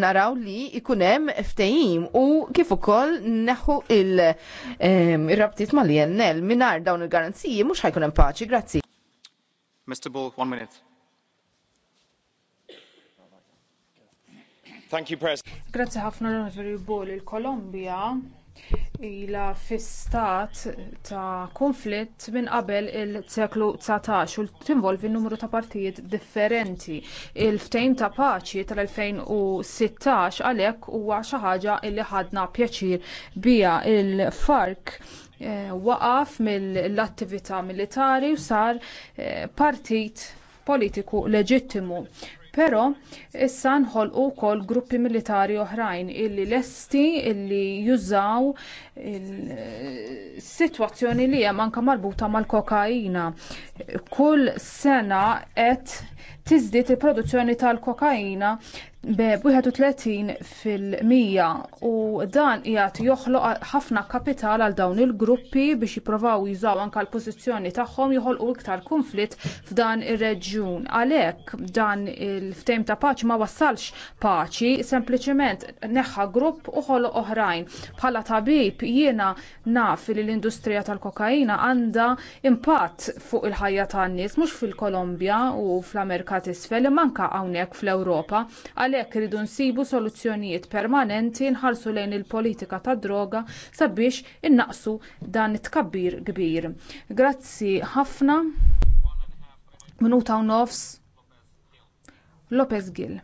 naraw li ikunem hemm ftehim u kif ukoll neħu il-rabtiet li jennel minar dawn il-garanziji mhux ħajkun hemm paċi. Grazzi. Mr. Bull, one minute. Thank you, President. Grazie ħafna l-Onorevoli Bull. Il-Kolombia ilha fi stat ta' kunflitt minn qabel is-seklu 19 u tinvolvi numru ta' partijiet differenti. Il-ftehim ta' paċi tal-2016 għalhekk huwa xi ħaġa li ħadna pjaċir biha il-fark eh, waqaf mill-attività militari u sar eh, partit politiku leġittimu Però issa nħolqu wkoll gruppi militari oħrajn illi lesti illi jużaw il-sitwazzjoni li hemm anke marbuta mal-kokaina. Kull sena qed tiżdied il-produzzjoni tal-kokaina b-31 fil-mija u dan qiegħed joħloq ħafna kapital għal dawn il-gruppi biex jippruvaw jużaw anke l-pożizzjoni tagħhom joħolqu iktar kunflitt f'dan ir-reġjun. Għalhekk dan il-ftehim ta' paċi ma wassalx paċi, sempliċement neħħa grupp u ħoloq oħrajn. Bħala tabib jiena naf li l-industrija tal-kokaina għandha impatt fuq il-ħajja tan-nies mhux fil-Kolombja u fl-Amerika t'isfel, manka hawnhekk fl-Ewropa għalhekk iridu nsibu soluzzjonijiet permanenti nħarsu lejn il-politika tad-droga sabiex innaqsu dan it-tkabbir kbir. Grazzi ħafna. Minuta u nofs. Lopez Gil.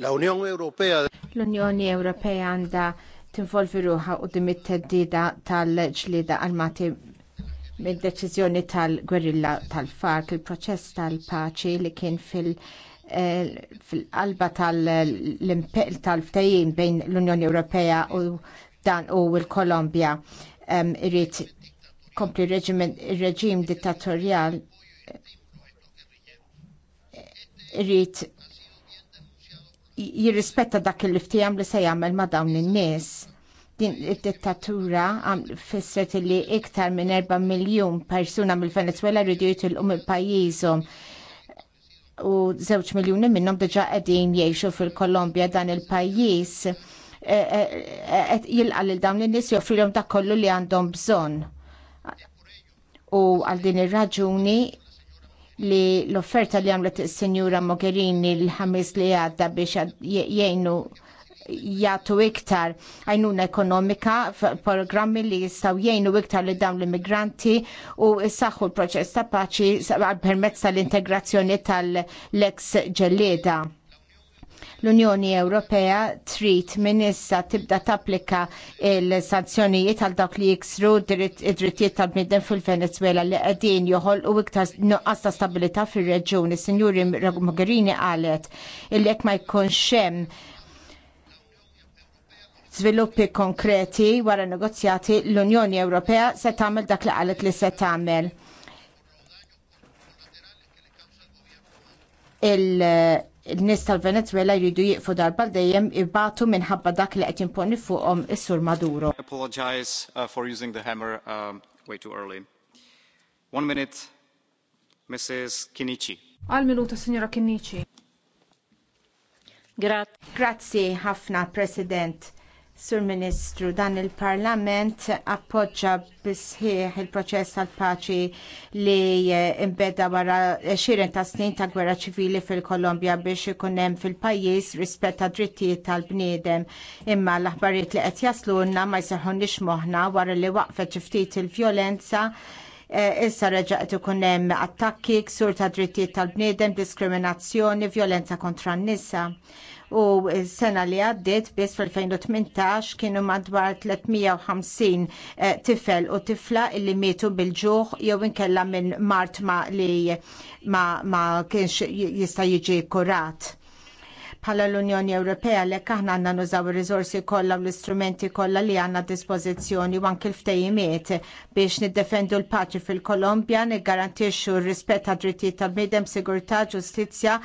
L-Unjoni Ewropea għandha tinvolvi ruħa quddiem it-teddida tal ġlida armati mid-deċiżjoni tal-gwerilla tal-fark il-proċess tal-paċi li kien fil- Eh, fil-qalba tal ftajin bejn l-Unjoni Ewropea u dan u l-Kolombja irrit kompli reġim dittatorjal irrit jirrispetta dak il-liftijam li se jagħmel ma' dawn in-nies din id-dittatura fissret li iktar minn 4 miljon persuna mill-Venezuela rridu jitilqu mill pajjiżhom u żewġ miljuni minnhom diġà qegħdin jgħixu fil-Kolombja dan il-pajjiż eh, eh, eh, qed jilqa' lil dawn in-nies joffrilhom dak kollu li għandhom bżonn. U għal din ir-raġuni li l-offerta li għamlet is-Sinjura Mogherini l-ħames li għadda biex jgħinu jagħtu iktar għajnuna ekonomika programmi li jistgħu jgħinu iktar li dawn l-immigranti u jsaħħu l-proċess ta' paċi permezz tal-integrazzjoni tal lex ġellieda l-Unjoni Ewropea trid minn issa tibda tapplika l-sanzjonijiet għal dawk li jiksru id-drittijiet tal-bniedem fil-Venezuela li qegħdin joħolqu iktar nuqqas ta' stabilità fir-reġjuni. Sinjuri Mogherini qalet illek jekk ma jkunx hemm żviluppi konkreti wara negozjati l-Unjoni Ewropea se tagħmel dak li qalet li se tagħmel. il-nis tal-Venezuela jridu jiqfu darba dejjem ibatu minħabba dak li qed jimponi fuqhom is-Sur Maduro. Apologize uh, for using the hammer um, way too early. One minute, Mrs. Kinichi. Għal minuta, Signora Kinichi. Grazzi ħafna, President. Sur Ministru, dan il-Parlament appoġġa bisħieħ il-proċess tal-paċi li imbeda wara 20 ta' snin ta' gwerra ċivili fil-Kolombja biex ikun hemm fil-pajjiż rispett ta' drittijiet tal-bniedem. Imma l-aħbarijiet li qed jaslunna ma jseħħunniex moħħna wara li waqfet ftit il-vjolenza e, issa qed ikun hemm attakki, ksur ta' drittijiet tal-bniedem, diskriminazzjoni, vjolenza kontra n-nisa u s-sena li għaddiet biss fil-2018 kienu madwar 350 eh, tifel u tifla illi mietu bil-ġuħ jew inkella minn mart ma li ma, ma kienx jista' jiġi kurat bħala l-Unjoni Ewropea għalhekk aħna għandna nużaw ir rizorsi kollha u l-istrumenti kollha li għandna dispożizzjoni u anke l-ftejimiet biex niddefendu l-paċi fil-Kolombja, niggarantixxu r-rispett ta' drittijiet tal-bniedem, sigurtà, ġustizzja,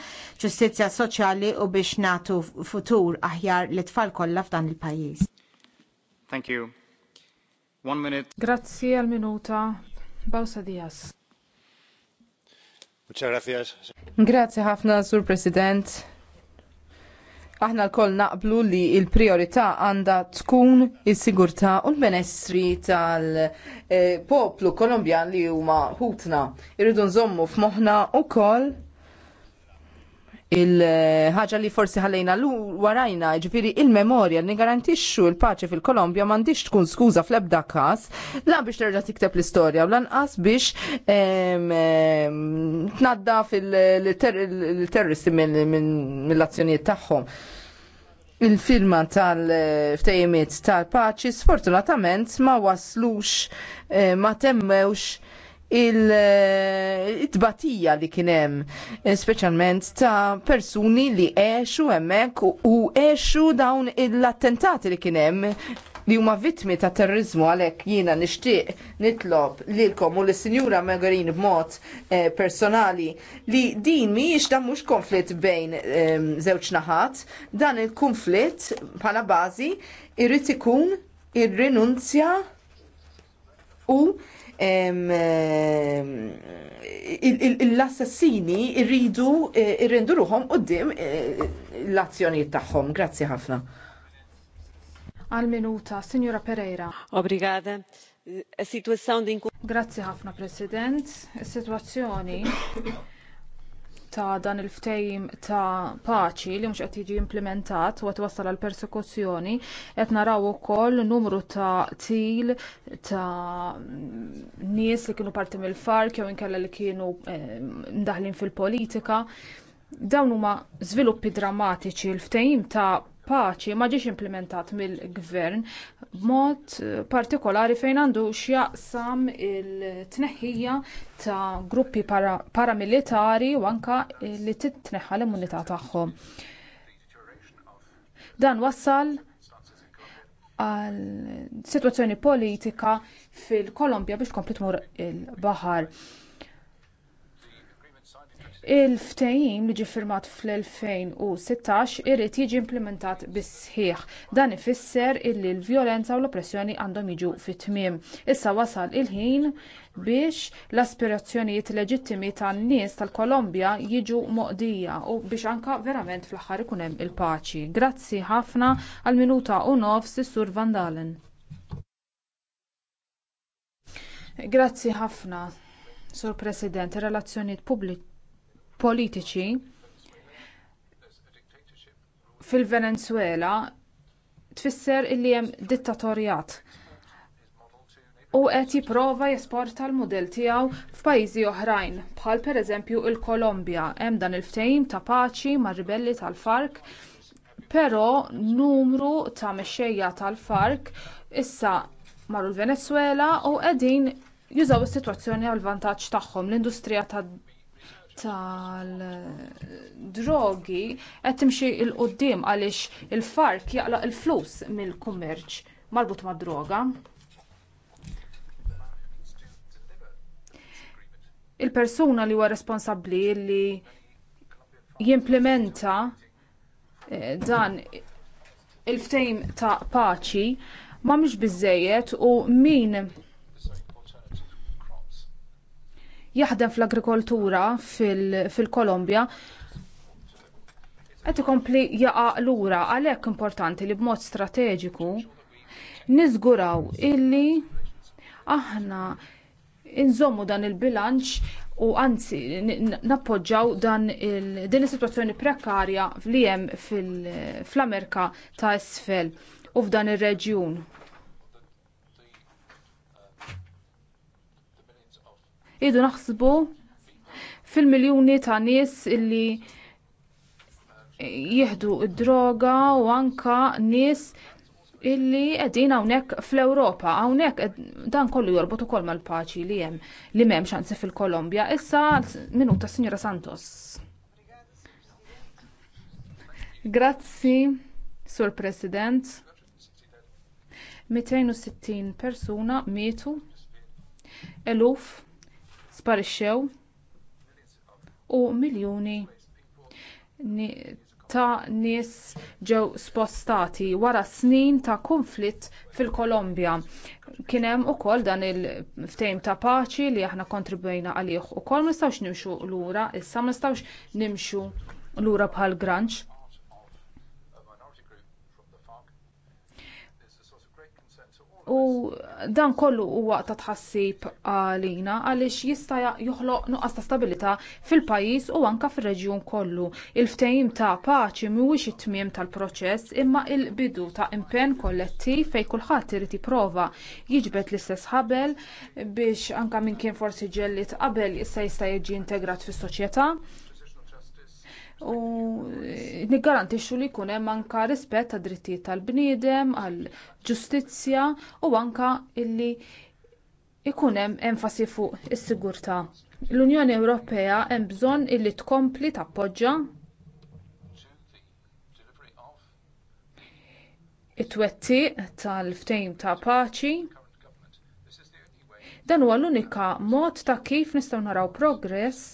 ġustizzja soċjali u biex nagħtu futur aħjar li tfal kollha f'dan il-pajjiż. Thank you. One minute. Grazzi al minuta. Bausa Diaz. Grazie ħafna, Sur President aħna l-koll naqblu li il-priorità għanda tkun il-sigurtà u l benestri tal-poplu eh, kolombjan li huma ħutna. Irridu nżommu f'moħħna u koll il-ħaġa li forsi ħallejna l warajna, ġifiri il-memorja li garantixxu il-paċi fil-Kolombja m'għandix tkun skuża fl-ebda każ, la biex terġa' tikteb l-istorja u lanqas biex tnadda fil-terroristi mill-azzjonijiet tagħhom. Il-firma tal-ftejimiet tal-paċi sfortunatament ma waslux eh, ma temmewx il-tbatija eh, li kienem, eh, specialment ta' persuni li eħxu emmek u eħxu dawn l-attentati li kienem li huma vittmi ta' terrorizmu għalhekk jiena nixtieq nitlob lilkom u lis-Sinjura Magarin b'mod eh, personali li din mhijiex dan mhux konflitt bejn ehm, żewġ naħat, dan il-konflitt bħala bażi irrid ikun ir-rinunzja u l-assassini irridu eh, irrendu ruhom dim eh, l-azzjonijiet tagħhom. Grazzi ħafna. Għal minuta, Signora Pereira. Obrigada. Eh, Grazzi ħafna, President. Is-sitwazzjoni ta' dan il-ftehim ta' paċi li mhux qed jiġi implementat u qed wassal għal persekuzzjoni qed naraw ukoll numru ta' til ta' nies li kienu parti mill-fark jew inkella li kienu eh, mdaħlin fil-politika dawn huma żviluppi drammatiċi l-ftehim ta' paċi ma ġiex implementat mill-gvern b'mod eh, partikolari fejn għandu x'jaqsam il-tneħħija ta' gruppi paramilitari u anke li titneħħa l-immunità tagħhom. Dan wassal għal sitwazzjoni politika fil-Kolombja biex kompli tmur il-baħar il-ftehim li ġie ffirmat fl-2016 irid jiġi implementat bis-sħiħ dan ifisser illi l-vjolenza u l-oppressjoni għandhom jiġu fit-tmiem issa wasal il-ħin biex l-aspirazzjonijiet leġittimi tan-nies tal-kolombja jiġu mogħdija u biex anke verament fl-aħħar ikun hemm il-paċi grazzi ħafna għal minuta u nofs is-sur van dalen grazzi ħafna sur president relazzjonijiet pubbliċi politiċi fil-venezwela tfisser illi hemm dittatorjat u qed jipprova jesporta l-mudell tiegħu f'pajjiżi oħrajn bħal pereżempju l-kolombja hemm dan il-ftehim ta' paċi mar-ribelli tal fark però numru ta' mexxejja tal fark issa marru l-venezwela u qegħdin jużaw is-sitwazzjoni għal vantaġġ tagħhom l-industrija tad tal-drogi qed timxi l quddiem għaliex il-fark jaqlaq il-flus mill-kummerċ marbut mad-droga. Il-persuna li huwa responsabbli li jimplementa eh, dan il-ftejm ta' paċi ma mhux biżżejjed u min jaħdem fl-agrikoltura fil-Kolombja qed ikompli jaqa' lura għalhekk importanti li b'mod strateġiku niżguraw illi aħna inżommu dan il-bilanċ u anzi nappoġġaw dan din is-sitwazzjoni prekarja li hemm fl-Amerika ta' isfel u f'dan ir-reġjun Idu naħsbu fil-miljuni ta' nies illi jihdu droga u anka nies illi qegħdin hawnhekk fl-Ewropa, hawnhekk dan kollu jorbot ukoll mal-paċi li hemm li mem xansi fil-Kolombja. Issa minuta Sinjora Santos. Grazzi, Sur President. 260 persuna mietu, eluf sparixxew u miljuni ta' nies ġew spostati wara snin ta' kunflitt fil-Kolombja. Kien hemm ukoll dan il-ftehim ta' paċi li aħna kontribwejna għalih ukoll ma nistgħux nimxu lura, issa ma nistgħux nimxu lura bħal granx. U dan kollu huwa ta' tħassib għalina għaliex jista' joħloq nuqqas ta' stabilità fil-pajjiż u anke fir-reġjun kollu. Il-ftehim ta' paċi mhuwiex it-tmiem tal-proċess imma il-bidu ta' impenn kollettiv fejn kulħadd irid jipprova jiġbed l-istess ħabel biex anke minn kien forsi ġellit qabel jista' jista' jiġi integrat fis-soċjetà u niggarantixxu li jkun hemm anka rispett tad drittijiet tal-bniedem għall ġustizzja u anke illi ikun hemm enfasi fuq is-sigurtà. L-Unjoni Ewropea hemm bżonn illi tkompli tappoġġja it-twettiq tal-ftehim ta' paċi dan huwa l-unika mod ta' kif nistgħu naraw progress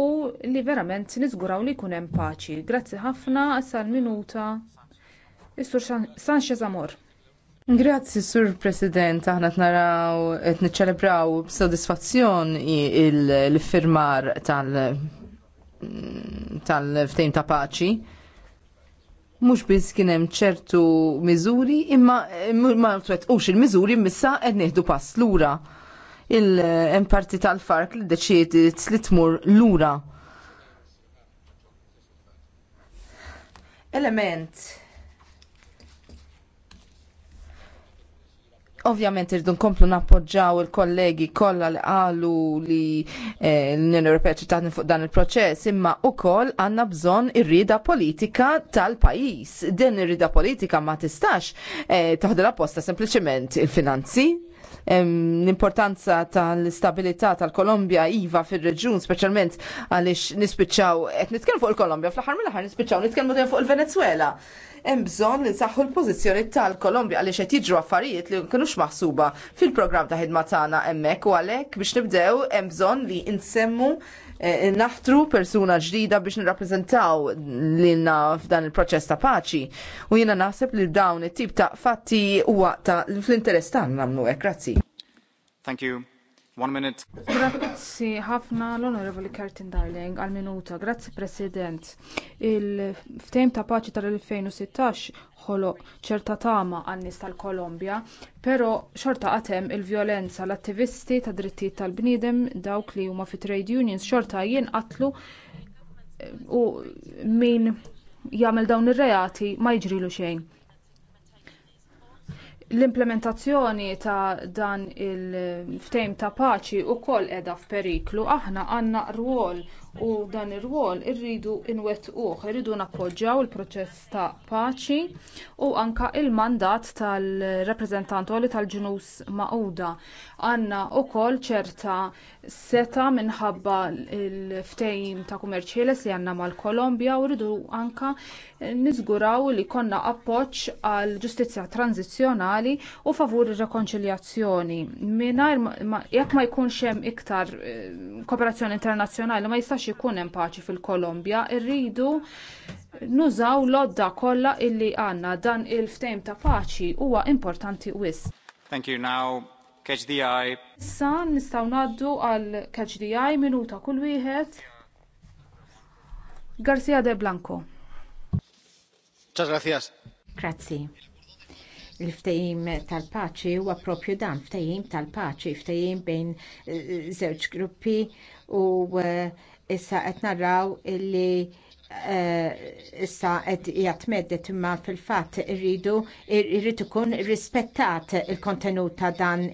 u li verament niżguraw li jkun hemm paċi. Grazzi ħafna sal-minuta. Is-Sur Sanchez Amor. Grazzi, Sur President, aħna t-naraw, t-niċċelebraw b'sodisfazzjon il-firmar tal-ftejn ta' paċi. Mhux biss kien hemm ċertu miżuri, imma ma twettqux il miżuri missa qed nieħdu pass lura il-parti tal-fark li ddeċiedi li tmur lura. Element. Ovvjament irridu nkomplu nappoġġaw il-kollegi kollha li qalu li eh, l-Unjoni Ewropea fuq dan il-proċess, imma wkoll għandna bżonn ir-rieda politika tal-pajjiż. Din ir-rieda politika ma tistax eh, taħdilha posta sempliċement il-finanzi l-importanza tal-istabilità tal-Kolombja iva fir-reġjun speċjalment għaliex nispiċċaw qed nitkellmu fuq il-Kolombja fl-aħħar mill-aħħar nispiċċaw nitkellmu fuq il-Venezuela hemm bżonn li nsaħħu l-pożizzjoni tal-Kolombja għaliex qed jiġru affarijiet li kienux maħsuba fil-programm ta' ħidma tagħna hemmhekk u għalhekk biex nibdew hemm bżonn li nsemmu eh, naħtru persuna ġdida biex nirrappreżentaw lilna f'dan il-proċess ta' paċi. U jiena naħseb li dawn it-tip ta' fatti huwa ta' fl-interess tagħna nagħmlu hekk. Grazzi. Thank you. One minute. Grazzi ħafna l-Onorevoli Kertin Darling għal minuta. Grazzi President. Il-ftejm ta' paċi tal-2016 ħoloq ċerta tama għan-nies tal-Kolombja, però xorta għatem il-vjolenza l-attivisti ta' drittijiet tal-bniedem dawk li huma fi trade unions xorta għatlu eh, u min jagħmel dawn ir-reati ma jġrilu xejn l-implementazzjoni ta' dan il-ftejm ta' paċi wkoll qiegħda f'periklu aħna għandna rwol u dan ir-rwol irridu nwettquh, irridu nappoġġjaw il-proċess ta' paċi u anke l mandat tal-rappreżentant tal-ġnus Magħquda. Għandna wkoll ċerta seta minħabba l-ftehim ta' kummerċieles li għandna mal-Kolombja u rridu anke niżguraw li jkollna appoġġ għal ġustizzja tranzizzjonali u favur ir-rekonċiljazzjoni. Mingħajr jekk ma jkunx hemm iktar eh, kooperazzjoni internazzjonali ma jistax ikun hemm paċi fil-Kolombja rridu nużaw l-odda kollha illi għandna dan il-ftehim ta' paċi huwa importanti wis. Thank you now. Catch the eye. Issa nistgħu ngħaddu għal Catch the Eye minuta kull wieħed. Garcia de Blanco. Muchas gracias. Grazie ftehim tal-paċi huwa proprju dan ftehim tal-paċi, ftehim bejn eh, eh, żewġ gruppi u uh, issa qed naraw illi eh, issa qed hija imma fil-fatt irridu irrid ikun rispettat il-kontenut ta' dan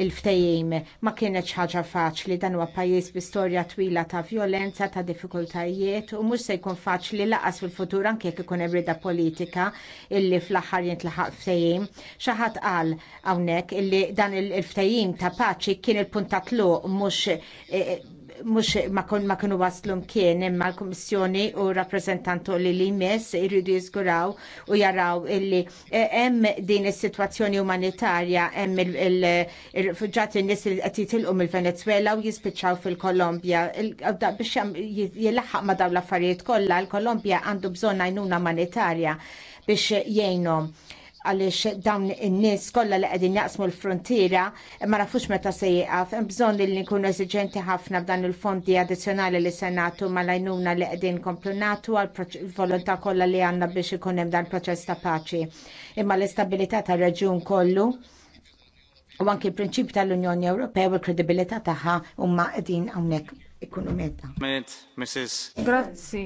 il-ftejjim. Ma kienet ħaġa faċli dan huwa pajjiż bi storja twila ta' violenza, ta' diffikultajiet u mhux se jkun faċli laqas fil-futur anke jekk ikun irrida politika illi fl-aħħar jintlaħaq ftejjim. Xi ħadd qal hawnhekk illi dan il-ftejjim ta' paċi kien il-puntat tluq mhux eh, mux ma kon ma kienu waslu mkien imma l-Komissjoni u rappresentantu li li mess irridu jizguraw u jaraw illi eh, hemm din is-sitwazzjoni umanitarja hemm il-rifuġġati nis li qed jitilqu mill-Venezuela u jispiċċaw fil-Kolombja biex jilaħħaq ma dawn l-affarijiet kollha l-Kolombja għandu bżonn għajnuna umanitarja biex jgħinhom għaliex dawn in-nies kollha li qegħdin jaqsmu l-frontiera ma nafux meta se jieqaf hemm bżonn li nkunu eżiġenti ħafna f'dan il-fondi addizzjonali li se nagħtu mal-għajnuna li qegħdin komplunatu għal volontà kollha li għandna biex ikun hemm dan proċess ta' paċi. Imma l-istabilità tar-reġjun kollu u anki l-prinċipju tal-Unjoni Ewropea u l-kredibilità tagħha huma qegħdin hawnhekk ikunu medda. Mrs. Grazzi.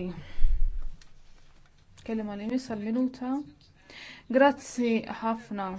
Kellem għal-imis għal-minuta. Grazzi ħafna.